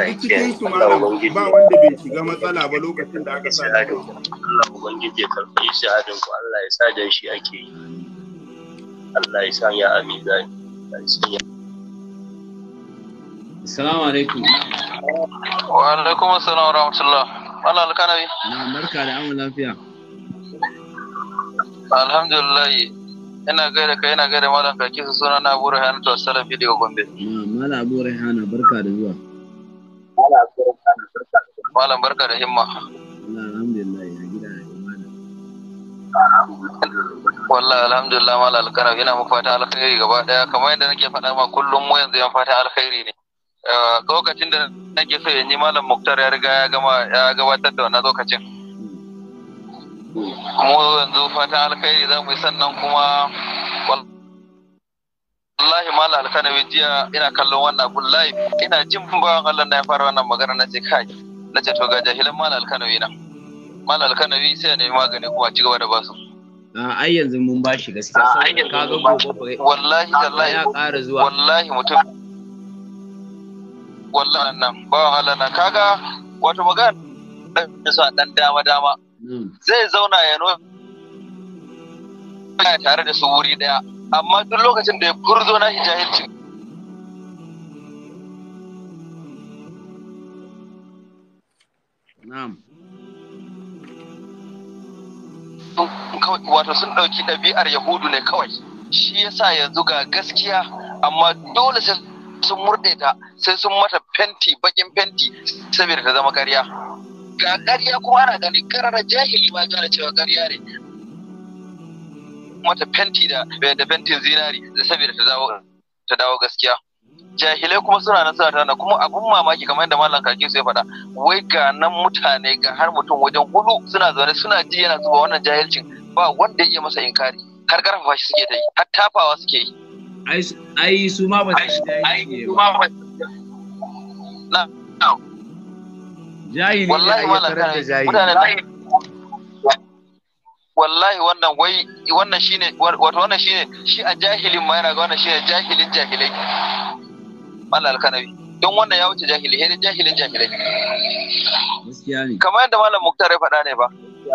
ai duk cikin su ma ba wanda bai shiga matsala ba lokacin da aka sa Allah ubangiji ya karbi shahadin ku Allah ya sa dan shi ake yi Allah ya sanya a mizani Assalamu alaikum. Wa alaikum assalam wa rahmatullah. Allah alkanabi. Na barka da amin lafiya. Alhamdulillah. Ina gaida kai ina gaida malam kaki su suna na Abu Rayhan to salafi daga Gombe. Malam Abu Rayhan barka da zuwa. Malam barka da himma. Alhamdulillah ya gida ya malam. wallah alhamdulillah mala alkana ina mu fata alkhairi gaba daya kamar yadda nake faɗa ma kullum mu yanzu yan fata alkhairi ne eh, lokacin da nake so yanzu malam muktar ya riga ya gama ya gabatar da wannan lokacin mu yanzu fatan alkhairi za mu yi sannan kuma wallahi mala alkana jiya ina kallon wannan abun live ina jin bawan Allah na ya fara wannan magana na ce kai na ce to ga jahilan malam alkanawi na malam alkanawi sai ya nemi magani kuma ci gaba da basu ai yanzu mun ba shi gaskiya saboda ka ga gobe wallahi wallahi ya ƙara zuwa wallahi mutum wallahi nan ba wahala na kaga wato magana dan sa dan dama dama hmm. zai zauna ya no ya tare da su wuri daya amma duk lokacin da ya kurzo na shi jahilci na'am wato sun ɗauki ɗabi'ar yahudu ne kawai shi yasa yanzu ga gaskiya amma dole sai sun murɗe ta sai sun mata fenti bakin fenti saboda ta zama ƙarya ga ƙarya kuma ana gani karara jahili ma gane cewa ƙarya ne mata fenti da da fentin zinari saboda ta dawo gaskiya jahilai kuma suna nan suna tana kuma abun mamaki kamar yadda mallam kake su ya faɗa wai ga nan mutane ga har mutum wajen hudu suna zaune suna ji yana zuba wannan jahilcin ba wanda ya iya masa inkari har karfafa shi suke ta yi har tafawa suke yi ai su ma ba jahili na jahili wallahi mallam mutane wallahi wannan wai wannan shine wato wannan shine shi a jahilin ma yana ga wannan shine jahilin jahilai malam kanawi don wannan ya wuce jahili heri jahilin jahilai kamar yadda malam muktar ya faɗa ne ba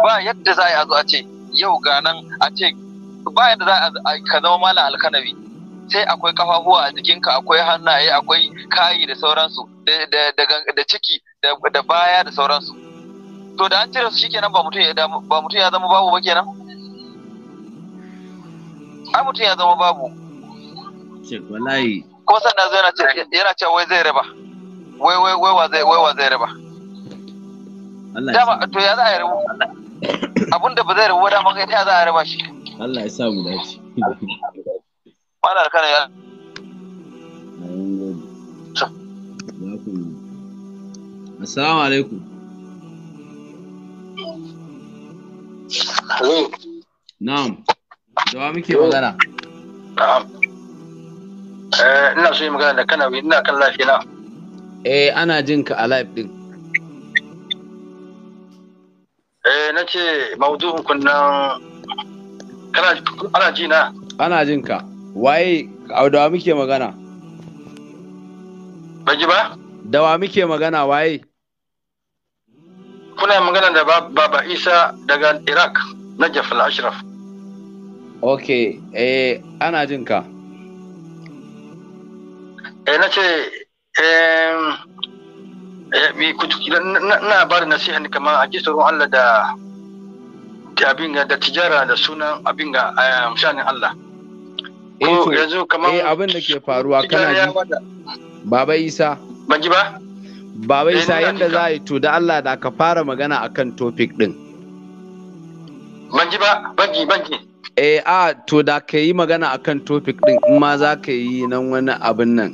ba yadda za a zo a ce yau ga nan a ce ba yadda za a ka zama malam alkanawi sai akwai kafafuwa a jikinka akwai hannaye akwai kayi da sauransu da ciki da baya da sauransu to da an cire su shikenan ba mutum ya ba mutum ya zama babu ba kenan ai mutum ya zama babu wallahi kuma sannan zo yana cewa wai zai raba wai wai wai wa zai wai wa zai raba dama to ya za a rabu abin da ba zai rabu dama kai ta za a raba shi Allah ya sa mu dace malar kana ya Assalamu alaikum. Hello Na'am. Da muke magana? Na'am. Eh, ina so yi magana da kanawi ina kan lafiya na. Eh, ana jin ka a live din. Eh, na ce maudu'in kunnan kana ana ji na. Ana jin ka. Waye dawa muke magana? Baji ba? dawa muke magana waye? Kuna magana da Baba Isa daga Iraq, Najaf al-Ashraf. Okay, eh ana jin ka. eh na ce eh, na ba da nasiha ne kamar a ji tsoron Allah da da abin da tijara da sunan abin ga shanin Allah eh, yanzu kamar eh abin da ke faruwa kana ji baba isa ban ba baba eh, isa yanda za a yi to da Allah da ka fara magana akan topic din ban ba ban ji eh a to da ka yi magana akan topic din in ma za ka yi nan wani abin nan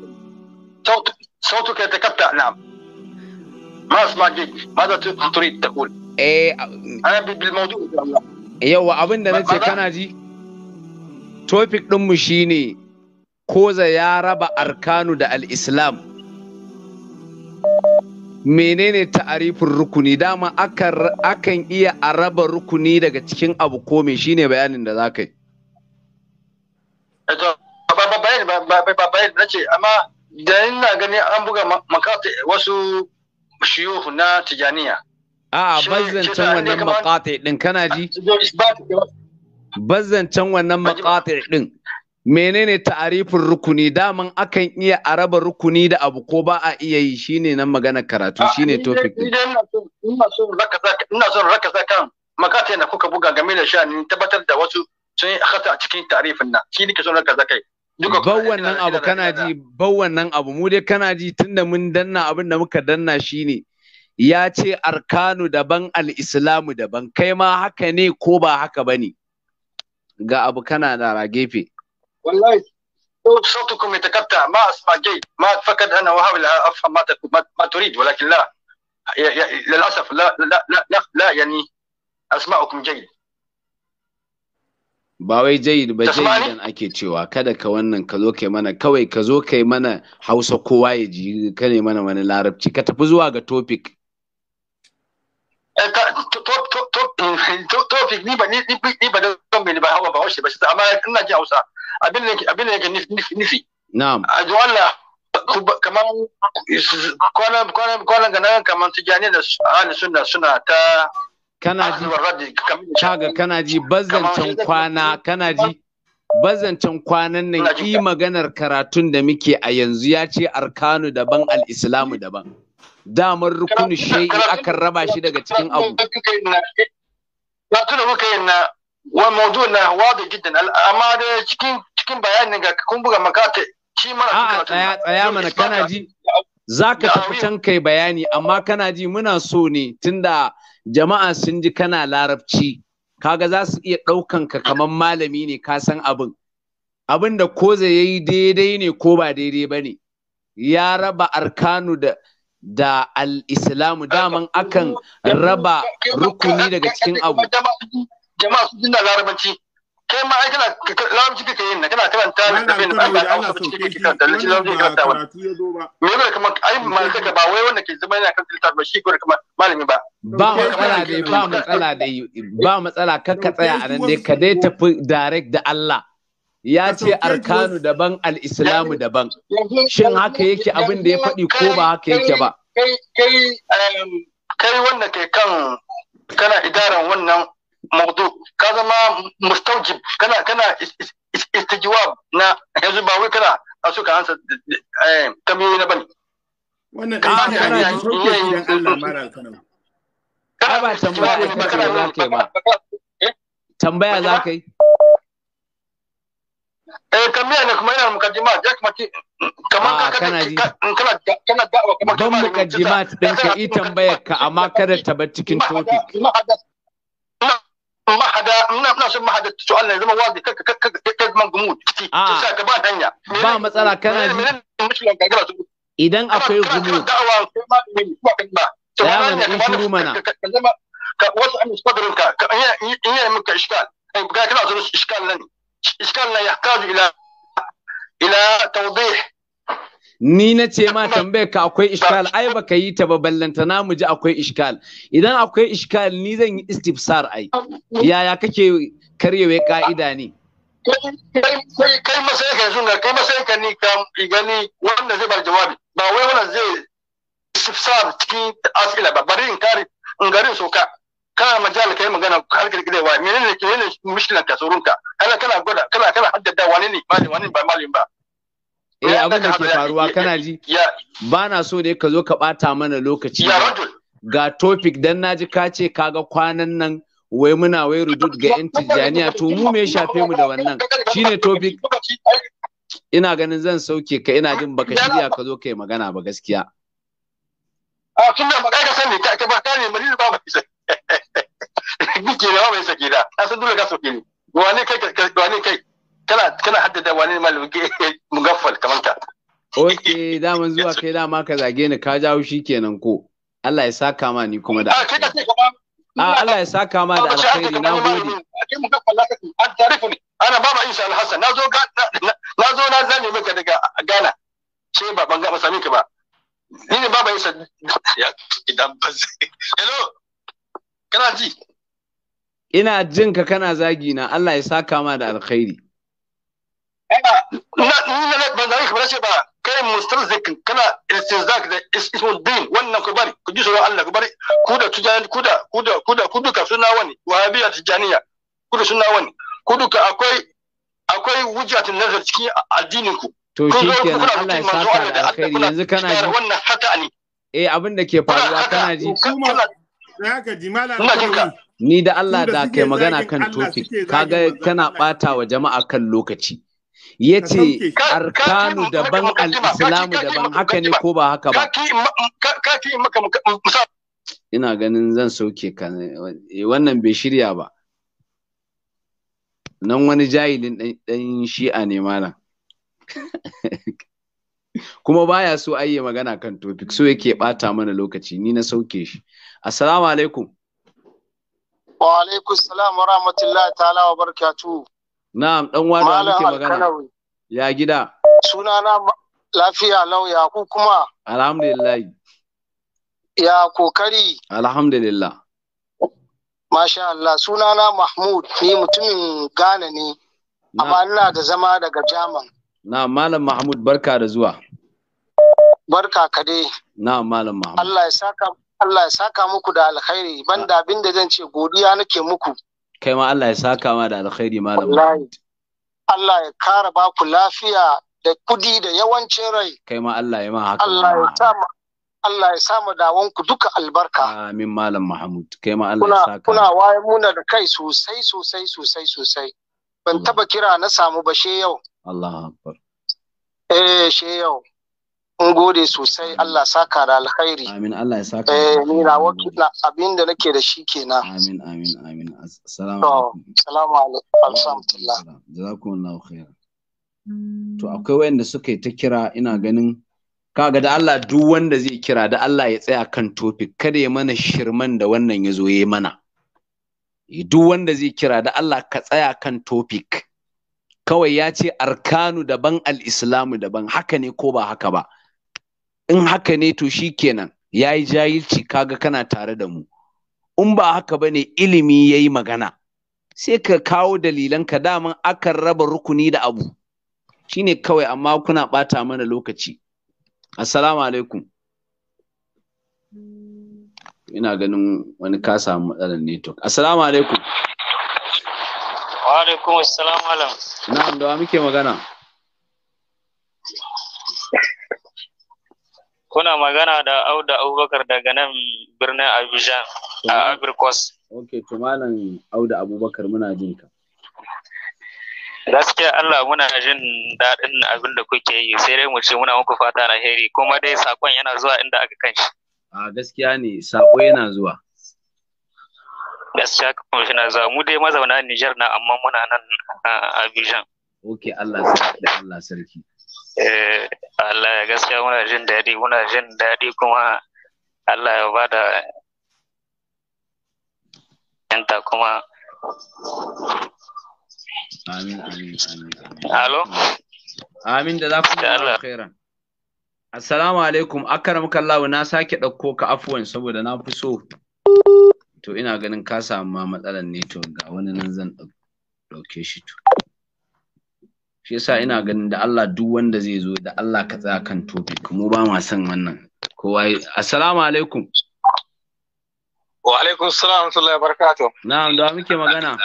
صوتك صوتك يتقطع نعم ما اسمعك ماذا تريد تقول؟ eh ana bilmaudu yawa abin da nace kana ji topic din mu shine koza ya raba arkanu da al-islam menene ta'arifin rukuni dama akan iya araba raba rukuni daga cikin abu ko me shine bayanin da zaka yi ba ba ba ba ba ba da ina gani an buga makata wasu shiyuhu na tijaniya a bazzancan wannan makata din kana ji ah, bazzancan wannan makata din menene ta'arifin rukuni daman akan iya a raba rukuni da abu ko ba a iya yi shine nan magana karatu ah, shine topic din ina son raka sa kan makata da kuka buga game da sha, ni tabbatar da wasu sun yi a cikin ta'arifin nan shi nake son raka kai bau wannan abu kana ji bau wannan abu mu dai kana ji tunda mun danna abin da muka danna shine ya ce arkanu daban al'islamu daban kai ma haka ne ko ba haka bane ga abu kana da ra gefe wallahi صوتكم يتقطع ما اسمع جيد ما فقد انا وهاب افهم ما ما تريد ولكن لا للاسف لا لا لا لا, لا يعني اسمعكم جيد ba wai jayyid ba jayyidan ake cewa kada ka wannan ka zo kai mana kawai ka zo kai mana hausa kowa ya ji ka ne mana wani larabci ka tafi zuwa ga topic eh, topic ni ba ni ni ni ba da gani ba hawa ba hausa ba shi amma ina ji hausa abin ne abin ne da yake nufi na'am a ji Allah kamar kwanan kwanan kwanan ga nan kamar tijani da ahli sunna suna ta kana ji kaga kana ji bazancan kwana kana ji bazancan kwanan nan ki maganar karatun da muke a yanzu ya ce arkanu daban Al'islamu daban damar Rukunin shai akan raba shi daga cikin abu na tuna muka yin na wani mawdu na wadu jiddan amma da cikin cikin bayanin ga kun buga makata shi mana a'a tsaya tsaya mana kana ji ka tafi can kai bayani amma kana ji muna so ne tunda jama'a sun ji kana larabci kaga za su iya ɗaukan ka kamar malami ne ka san abin abin da ko zai yi daidai ne ko ba daidai ba ne ya raba arkanu da da al-islamu daman akan raba rukuni daga cikin abu jama'a su ji larabci kai ma ai kana larabci kake yin na kana karanta littafin Allah a wasu cikin kake karanta littafin karanta wani me ba kuma ai malaka ba wai wanda ke zama yana kan littafin ba shi gore kuma malami ba ba matsala da ba matsala dai ba matsala kar ka tsaya a nan dai ka dai tafi direct da Allah ya ce arkanu daban al'islamu daban shin haka yake abin da ya faɗi ko ba haka yake ba kai um, wanda ke kan kana idaran wannan mordo ka zama mustaujib kana kana istijwab na yanzu ba wai kana a so ka ansa kamiyoyi eh, na bane wannan ba tambaya za ka ba eh? tambaya za ka yi eh kamar ne kuma yana mukaddima kamar ka ah, kana kana kana kuma kamar tambayar ka amma kada ta bar cikin topic ma hada muna muna son ma hada su'al ne zama wazi kar kar kar man gumud to sa ka ba hanya ba matsala kana ji idan akwai gumud da'awa ko ma ne ba kan ba to mana in shiru mana ka wasu an sadrin ka in yana maka iskal ga kana so iskal nan iskal nan yahtaju ila ila tawdih Ni na ce ma tambayar ka akwai iskal ai baka yi ta ba na mu ji akwai iskal Idan akwai iskal ni zan yi istifsar ai. Yaya kake karyewe ka'ida ne? Kai kai masai ka yanzu kai masai ka ni ka gani wanda zai bar jawabi ba wai wannan zai istifsar cikin asila ba bari in kare in garin soka. kana majal kai magana har kirkirewa menene ke ne mishkilan ka tsoron ka kana kana gwada kana kana haddada wani ne ba wani ba malin ba eh abin da ke faruwa kana ji ba na so da ka zo ka bata mana lokaci ga topic dan naji ka ce kaga kwanan nan wai muna wai rudud ga yan tijjaniya to mu me shafe mu da wannan shine topic ina ganin zan sauke ka ina jin baka shirya ka zo kai magana ba gaskiya a kin da magana ka sani ka ba ka ne mali ba ba kike ba mai saki asan dole ka sauke ni wani kai wani kai kana kana haddada wani malmuke [LAUGHS] mugaffal kamar ka ok [LAUGHS] daman zuwa kai dama ka zage ni ka jawo shi kenan ko Allah ya saka ma ni kuma da ah, a ah, Allah ya saka ma da alkhairi na gode ana ma insha Allah Hassan nazo na zo na zane maka daga Ghana sai ba ban ga sami ka ba ni ne baba insha ya idan ba hello kana ji ina jin ka kana zagi na Allah ya saka ma da alkhairi Na za ka bace ba kai mustarzik kana istizak da ismul din wannan ku bari ku ji tsoron Allah ku bari ku da tujani ku da ku da ku da ku duka suna wani wahabiya tijaniya ku da suna wani ku duka akwai akwai wujatun nazar cikin addinin ku to shi kenan Allah ya saka da alkhairi yanzu kana ji wannan hata ne eh abin da ke faruwa kana ji ni da Allah da kai magana kan topic kaga kana bata wa jama'a kan lokaci ya ce arkanu daban al'islamu daban haka ne ko ba haka ba ina ganin zan sauke ka eh, wannan bai shirya ba nan wani jahilin ɗan shi'a ne malam [LAUGHS] kuma baya so ayi magana kan topic so yake bata mana lokaci ni na sauke shi assalamu alaikum wa alaikum salam wa rahmatullahi ta'ala wa barakatuhu Na'am, dan wani muke magana. Ya gida. Sunana lafiya lau ya ku kuma. Alhamdulillah. Ya kokari. Alhamdulillah. Masha Allah, sunana Mahmud ni mutumin Ghana ne, amma ina da zama daga Jaman. Na Malam Mahmud barka da zuwa. Barka ka dai. Na Malam Mahmud. Allah ya saka Allah ya saka muku da alkhairi banda abin da zan ce godiya nake muku. kai ma Allah ya saka ma da alkhairi malam Allah ya kara ba ku lafiya da kudi da yawancin rai kai ma Allah ya ma haka Allah ya sa Allah ya sa mu dawon ku duka albarka amin malam Mahmud kai ma Allah ya saka kuna waye muna da kai sosai sosai sosai sosai ban taba kira na samu ba she yau Allah akbar eh she yau in gode sosai Allah saka da alkhairi amin Allah ya saka eh ni na wakila abin da nake da shi kenan amin amin amin assalamu alaikum assalamu alaikum alhamdulillah jazakumullahu khairan to akwai wayanda suka yi ta kira ina ganin kaga da Allah duk wanda zai kira da Allah ya tsaya kan topic kada ya mana shirman da wannan ya zo ya mana duk wanda zai kira da Allah ka tsaya kan topic kawai ya ce arkanu daban al-islamu daban haka ne ko ba haka ba in haka ne to shikenan yi jahilci kaga kana tare da mu in ba haka ba ne ilimi ya yi magana sai ka kawo dalilan ka daman akan raba rukuni da abu shine kawai amma kuna bata mana lokaci assalamu alaikum ina ganin wani ka samu matsalar network assalamu alaikum wa alaikum assalamu alaikum na da wa muke magana kuna magana da Auda Abubakar daga nan birnin Abidjan a Abirkos. Ok, to malam Auda Abubakar muna jin ka. Gaskiya Allah muna jin daɗin abin da kuke yi sai dai mu ce muna muku fata na heri kuma dai sakon yana zuwa inda aka kan shi. A gaskiya ne sako yana zuwa. Gaskiya kuma shi na zuwa mu dai mazauna Nijar na amma muna nan a Abidjan. Ok, Allah sarki da Allah sarki. Eh, Allah ya gaskiya muna jin daɗi muna jin daɗi kuma Allah ya ba da yanta kuma amin amin amin alo amin da za ku yi Allah khairan assalamu alaikum akaramka Allah na sake ɗauko ka afuwan saboda na fi so to ina ganin ka samu ma matsalar ne to ga wani nan zan ɗauke shi to shi yasa ina ganin da Allah duk wanda zai zo da Allah ka tsaya kan topic mu ba ma son wannan kowa assalamu alaikum wa alaikum assalam wa barakatuh na'am da muke magana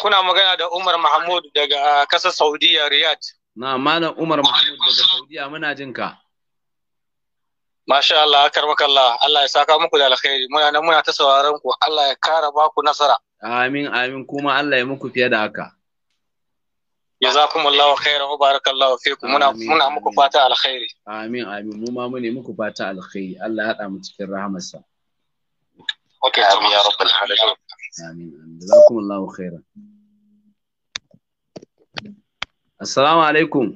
kuna magana da Umar Mahmud daga uh, kasar Saudiya Riyadh na malam Umar Mahmud daga Saudiya muna jin ka Masha Allah, karmakallah, Allah ya saka muku da alkhairi, muna nan muna ta sauraron ku, Allah ya kara baku nasara. Amin, amin, kuma Allah ya muku fiye da haka. jazakumullahu khairan wa barakallahu fikum muna muna muku fata alkhairi amin amin mu ma mune muku fata alkhairi Allah ya hada mu cikin rahamarsa okay to ya rabbal alamin amin jazakumullahu khairan assalamu alaikum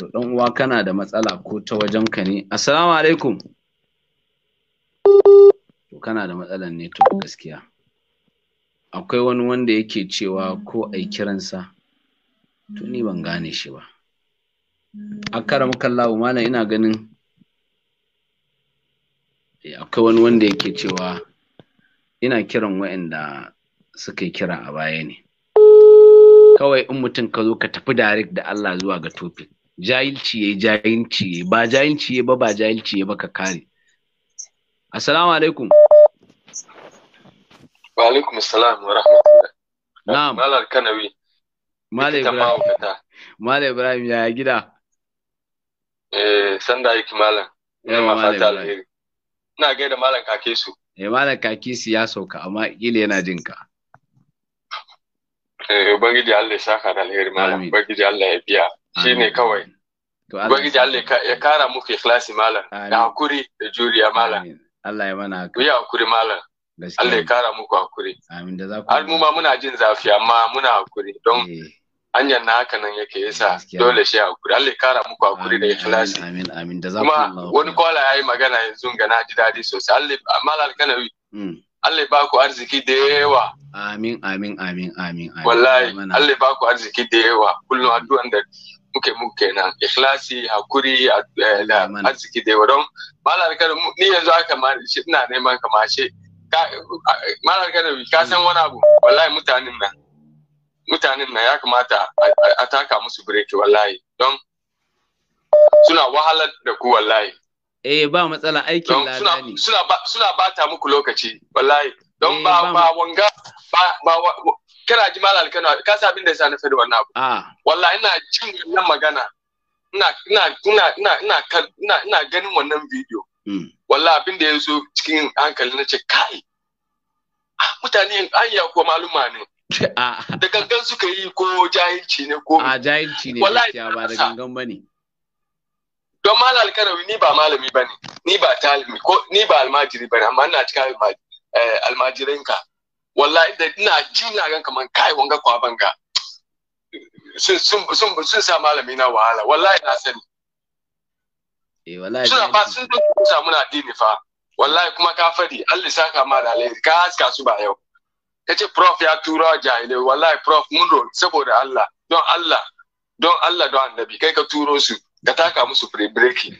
to dan uwa kana da matsala ko ta wajen ka ne assalamu alaikum to kana da matsalan ne to gaskiya akwai wani wanda yake cewa mm. ko a kiransa to ni ban gane shi ba A akara makallahu malam ina ganin eh, akwai wani wanda yake cewa ina kiran wa'anda suka kira a baya ne kawai in mutum ka zo ka tafi direct da Allah zuwa ga topic jahilci yayi jahilci ba jahilci ba ba jahilci ba ka kare assalamu alaikum Wa alaikum salam wa rahmatullah. Na'am. Malar Kanawi. Malam Ibrahim. Malam Ibrahim ya gida. Eh sanda yake malam. Ina ma gaida malam kake su. Eh malam kake su ya sauka amma kila yana jin ka. Eh ubangiji Allah ya saka da alheri malam. Ubangiji Allah ya biya. Shine kawai. Ubangiji Allah ya kara muku ikhlasi malam. Da hakuri da juriya malam. Allah ya mana haka. Ku yi hakuri malam. Allah ya kara muku hakuri amin da za har mu ma muna jin zafi amma muna hakuri don eh. hanyar na haka nan yake yasa dole shi hakuri Allah ya kara muku hakuri da ikhlasi amin amin da za kuma wani kwala yayi magana yanzu ga na ji dadi sosai Allah malal alkanawi hmm. Allah ya baku arziki da yawa amin amin amin amin wallahi Allah ya baku arziki da yawa kullum addu'an da muke muke kenan ikhlasi hakuri eh, arziki da yawa don malal al'kanawi ni yanzu aka ma ina neman kamashe malar kadabi ka san wani abu wallahi mutanen nan mutanen nan ya kamata a taka musu bireki wallahi don suna wahalar da ku wallahi eh ba matsala aikin lada ne suna suna bata muku lokaci wallahi don eh, ba ba wanga ba ba kana ji malal kadabi ka san abin da yasa na fadi wannan abu ah. wallahi ina jin wannan magana ina ina ina ina ina ganin wannan bidiyo hmm. wallah abin da ya zo cikin hankali na ce kai mutane an iya ko maluma ne da gangan suka yi ko jahilci ne ko a jahilci ne gaskiya ba da gangan bane don malam alkarawi ni ba malami bane ni ba talimi ko ni ba almajiri bane amma ina cika eh, almajirinka wallahi da ina ji na gan kaman kai wanga kwa banga sun sa malami na wahala wallahi na sani eh wallahi suna ba sun san ko samu na fa wallahi kuma ka fadi Allah saka ma da alheri ka haska su ba yau kace prof ya tura jahilai wallahi prof mun ro saboda Allah don Allah don Allah don annabi kai ka turo su ka taka musu free breaking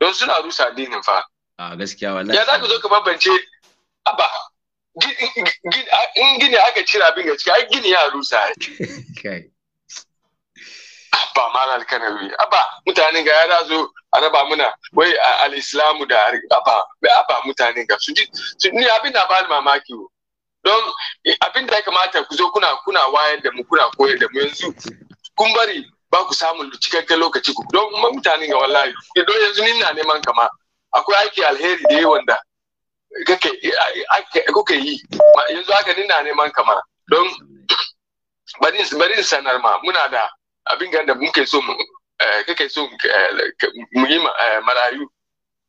don suna rusa addinin fa a gaskiya wallahi ya zaka zo ka bambance aba in gini aka cira abin gaskiya ai gini ya rusa [LAUGHS] kai abba na kanawi abba mutanen ga ya zo a raba muna wai al-islamu da abba abba mutanen ga su ji ni abin da ba mamaki wo don eh, abin da ya kamata ku zo kuna kuna wayar da mu kuna koyar da mu yanzu kun bari ba ku samun cikakken lokaci ku don mutanen ga wallahi eh, don yanzu ni na neman kama akwai aiki alheri da wanda eh, kuke yi yanzu haka ni na neman kama don bari sanar ma muna da abin da muke so mu eh, kake so mu eh, yi eh, marayu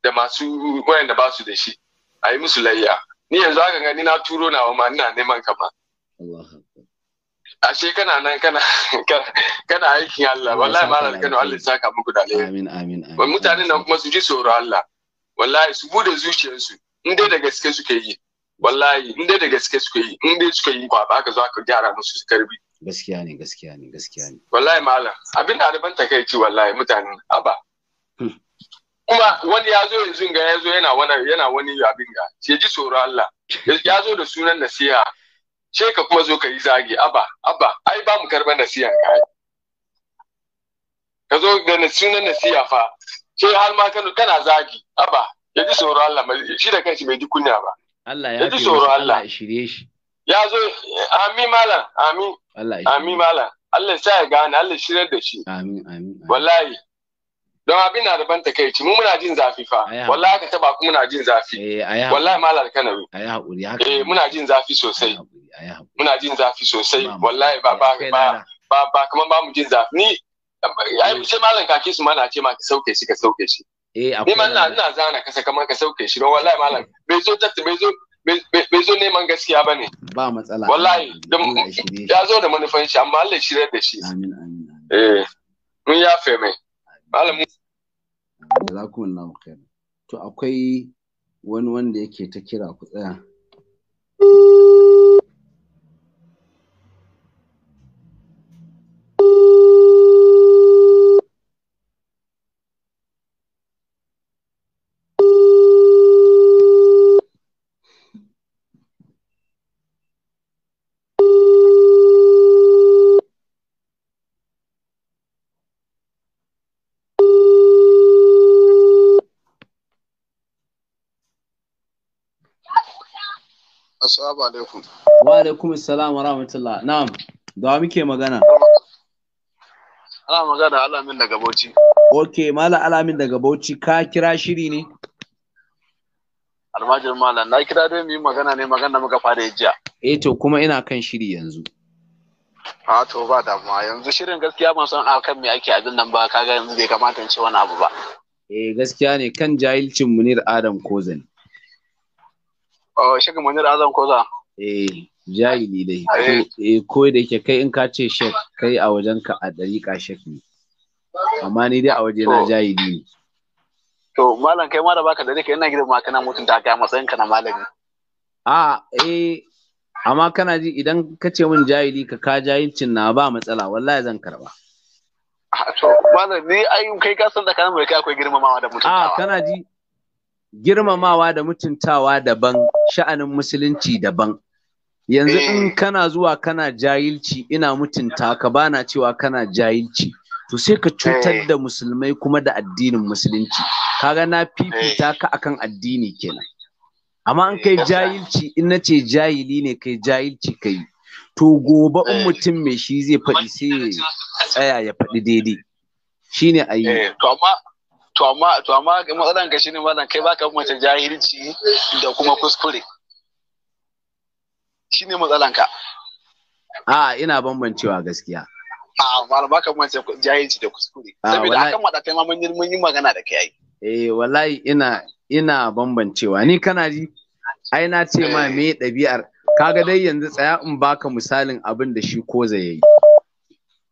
da masu da ba su da shi a yi musu layya ni yanzu haka gani na turo na wa ma ina neman kama ashe kana nan kana kana aikin Allah wallahi ma Allah kana Allah saka muku da alheri amin amin amin mutanen nan kuma su ji tsoro Allah wallahi su bude zuciyarsu in dai da gaske suke yi wallahi in dai da gaske suke yi in dai suke yi ba ka zo ka gyara musu su karbi gaskiya ne gaskiya ne gaskiya ne wallahi malam abin da ban takaici wallahi mutanen Aba hmm. kuma wani ya zo yanzu ga ya zo yana wani yana wani abin ga ce ji tsoro Allah ya zo da sunan nasiha ce ka kuma zo ka yi zagi aba aba ai ba mu karban nasiha ka ka zo da sunan nasiha fa ce har ma kana kana zagi aba ya ji tsoro Allah shi da kanshi bai ji kunya ba Allah ya ji tsoro Allah shirye shi ya zo amin malam amin amin malam Allah sa ya gane Allah shirar da shi amin amin wallahi don abin na daban takaici mu muna jin zafi fa wallahi ka taba ku muna jin zafi eh, wallahi malam kanawi ayi hakuri haka eh muna jin zafi sosai muna jin zafi sosai wallahi ba ba ba ba ba ba mu jin zafi ni ai ce eh. malam kake su mana ce ma ka sauke shi ka sauke shi eh ni ma ina zana kasa kamar ka sauke shi don wallahi malam bai zo tatta bai zo bai zo neman gaskiya ba ne. Ba matsala. Wallahi, ya zo da manufan shi, amma Allah shirar da shi. Amin, amin. Eh, mun ya fe mai. Malamin. Jazakumullahu khairan. To akwai wani wanda yake ta kira ku tsaya. assalamu alaikum. Wa alaikum assalam wa rahmatullah. Na'am. Da muke magana? Ana magana alamin daga Bauchi. Ok, mala alamin daga Bauchi ka kira shiri ne? Almajir Mallam na kira dai mu yi magana ne magana muka fara jiya. Eh to kuma ina kan shiri yanzu. Ha to ba damuwa yanzu shirin gaskiya ban san a kan me ake abin nan ba kaga yanzu bai kamata in ce wani abu ba. Eh gaskiya ne kan jahilcin Munir Adam Kozani. Oh, shek munir azan koza eh jahili dai eh ko da yake kai in ka ce shek kai a wajen ka a dariƙa shek ne amma ni dai a waje na jahili ne to malam kai ma da baka da rika ina gidan ma kana mutunta kai matsayin ka na malami a eh amma kana ji idan ka ce min jahili ka ka jahilcin na ba matsala wallahi zan karba to malam ni ai kai ka san da kana mai kai akwai girmamawa da mutuntawa a kana ji girmamawa da mutuntawa daban sha'anin musulunci daban yanzu in eh. kana zuwa kana jahilci ina mutunta ka bana cewa kana jahilci to sai ka cutar eh. da musulmai kuma da addinin musulunci kaga na fifita eh. ka akan addini kenan amma in kai jahilci in na ce jahili ne kai jahilci kai to gobe in mutum mai shi zai faɗi sai ya tsaya ya faɗi daidai shine ayi to amma to amma to amma matsalan ka shine malam kai baka mace jahilci da kuma kuskure shine matsalan ka a ina bambancewa gaskiya a malam baka mace jahilci da kuskure saboda akan kai ma mun yi magana da kai eh wallahi ina ina bambancewa ni kana ji ai na ce ma me dabi'ar eh. kaga dai yanzu tsaya in baka misalin abin da shi koza yayi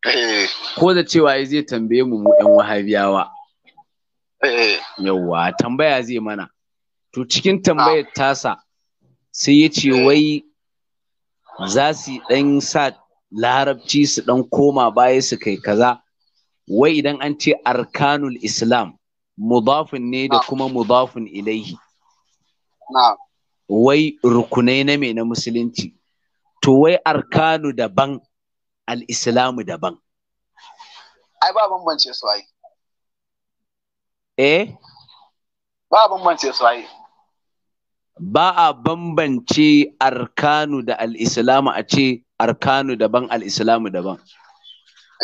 eh. koza cewa zai tambaye mu mu yan wahabiyawa Eh. Yawwa tambaya zai mana. To cikin tambayar ah. tasa sai ya ce eh. wai za su ɗan sa larabci su ɗan koma baya su kai kaza. Wai idan an ce arkanul Islam mudafin ne da ah. kuma mudafin ilaihi. Wai rukunai na mai na musulunci. To wai arkanu daban al-Islamu daban. Ai ba bambance su ai. eh ba a bambance su ai ba a bambance arkanu da al'islamu a ce arkanu daban al'islamu daban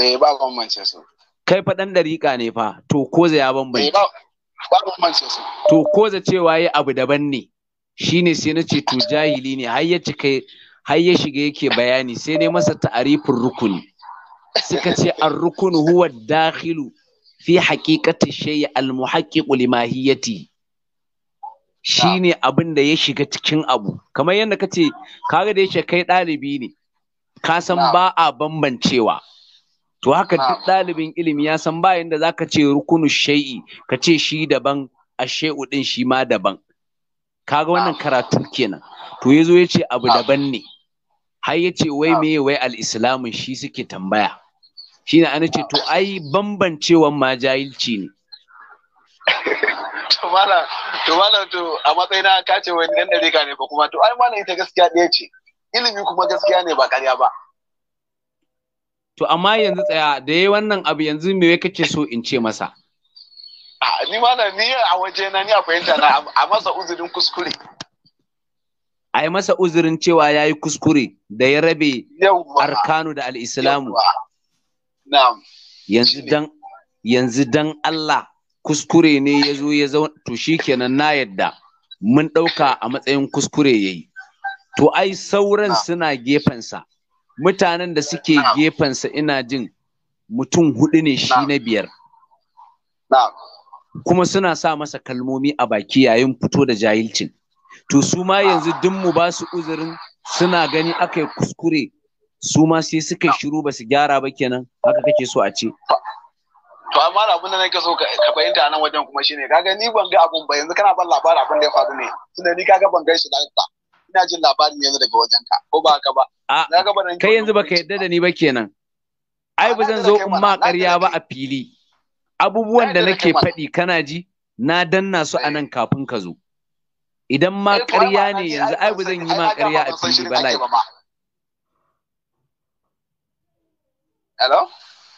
eh ba a bambance su kai fa dan ne fa to ko za ya bambance eh, ba a bambance su to ko za cewa yi abu daban ne shine sai na ce to jahili ne har ya cika har ya shiga yake bayani sai ne masa ta'arifin rukuni suka ce ar-rukunu huwa dakhilu fi haqiqati shay al muhaqqiq shi ne shine abin da ya shiga cikin abu kamar yadda kace kaga da yake kai ɗalibi ne ka san ba a bambancewa to haka duk ɗalibin ilimi ya san ba yanda zaka ce rukunu shay'i ka ce shi daban ashe'u din shi ma daban kaga wannan karatu kenan to yazo yace abu daban ne har yace wai meye wai al-islamin shi suke tambaya shine an ce to ai bambancewan ma jahilci ne to malam to mala to a matsayina ka ce wani dan dariƙa ne ba kuma to ai malam ita gaskiya ɗaya ce ilimi kuma gaskiya ne ba ƙarya ba to amma yanzu tsaya da yayi wannan abu yanzu me kace so in ce masa ni malam ni a waje na ni a fahimta na a masa uzurin kuskure a yi masa uzurin cewa ya yi kuskure da ya rabe arkanu da al'islamu yanzu dan Allah kuskure ne ya zo ya zo to shikenan na yadda mun ɗauka a matsayin kuskure yayi to ai sauran suna gefensa mutanen da suke gefensa ina jin mutum hudu ne shi na biyar kuma suna sa masa kalmomi a baki yayin fito da jahilcin to su ma yanzu duk mu ba su uzurin suna gani aka yi kuskure su ma sai suka ah. shiru ba su gyara ba kenan haka kake so a ce to amma abin da nake so ka fahimta nan wajen kuma shine kaga ni ban ga abun ba yanzu kana ban labarin abin da ya faru ne tunda ni kaga ban gan shi da ka ina jin labarin yanzu daga wajen ka ko ba haka ba ah, kai yanzu ba ka yadda da ni ba kenan ai ba zan zo in ma ƙarya ba a fili abubuwan da nake faɗi kana ji na danna su a eh. nan kafin ka zo idan ma eh, ƙarya ne yanzu ai ba zan yi ma ƙarya a fili ba lai Hello?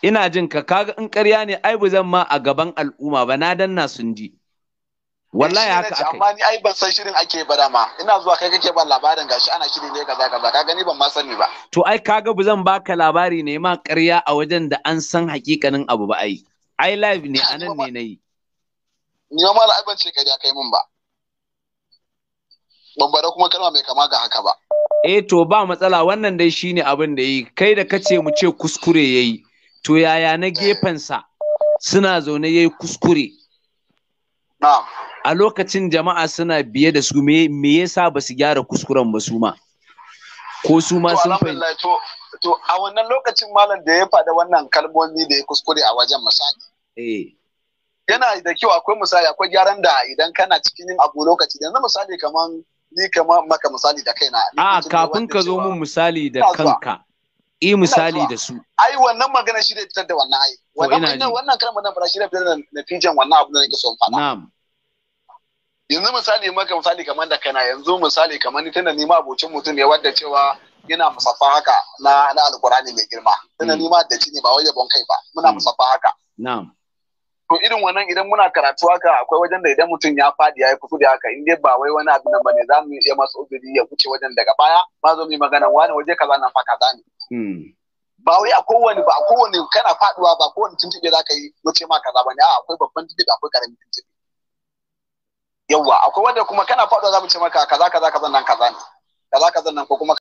Ina jin ka kaga in ƙarya ne ai bu zan ma a gaban al'umma ba na danna sun ji. Wallahi haka akai. Amma ni ai ban san shirin ake ba dama. Ina zuwa kai kake ban labarin gashi ana shiri ne kaza kaza kaga ni ban ma sani ba. To ai kaga bu zan baka labari ne ma ƙarya a wajen da an san hakikanin abu ba ai. Ai live ne anan ne nayi. Ni ma ai ƙarya kai mun ba. ban faɗa kuma kalma mai kama ga haka ba E, to ba matsala wannan dai shi ne abin da yi kai da kace mu ce kuskure ya yi. to yaya na gefensa suna zaune ya yi kuskure a lokacin jama'a suna biye da su me yasa ba su gyara kuskuren ba su ma ko su ma sun fahimci to a wannan lokacin malam da ya faɗa wannan kalmomi da ya kuskure a wajen misali eh. yana da kyau akwai misali akwai gyaran da idan kana cikin yin abu lokaci da na misali kaman ni kama maka misali da kaina a kafin ka zo mun misali da kanka i misali da su ai wannan magana shi da fitar da wannan ai wannan wannan kalmar nan fara shi da fitar da natijan wannan abu da nake son faɗa na'am yanzu misali maka misali kamar da kaina yanzu misali kamar ni tana nima abocin mutum ne wanda cewa yana musaffa haka na na alkurani mai girma tana mm. nima da ne ba wai yabon kai ba muna mm. musaffa haka na'am to irin wannan idan muna karatu haka akwai wajen da idan mutum ya fadi ya yi kusu da haka in dai ba wai wani abu nan bane za mu iya masa uzuri ya wuce wajen daga baya ba zo mu yi magana wani waje kaza nan fa kaza ne hmm. ba wai a kowane ba a kowane kana faduwa ba kowane tuntube za ka yi wuce ma kaza bane a akwai babban tuntube akwai karamin tuntube yawwa akwai wanda kuma kana faduwa za mu ce maka kaza kaza kaza nan kaza ne kaza kaza nan ko kuma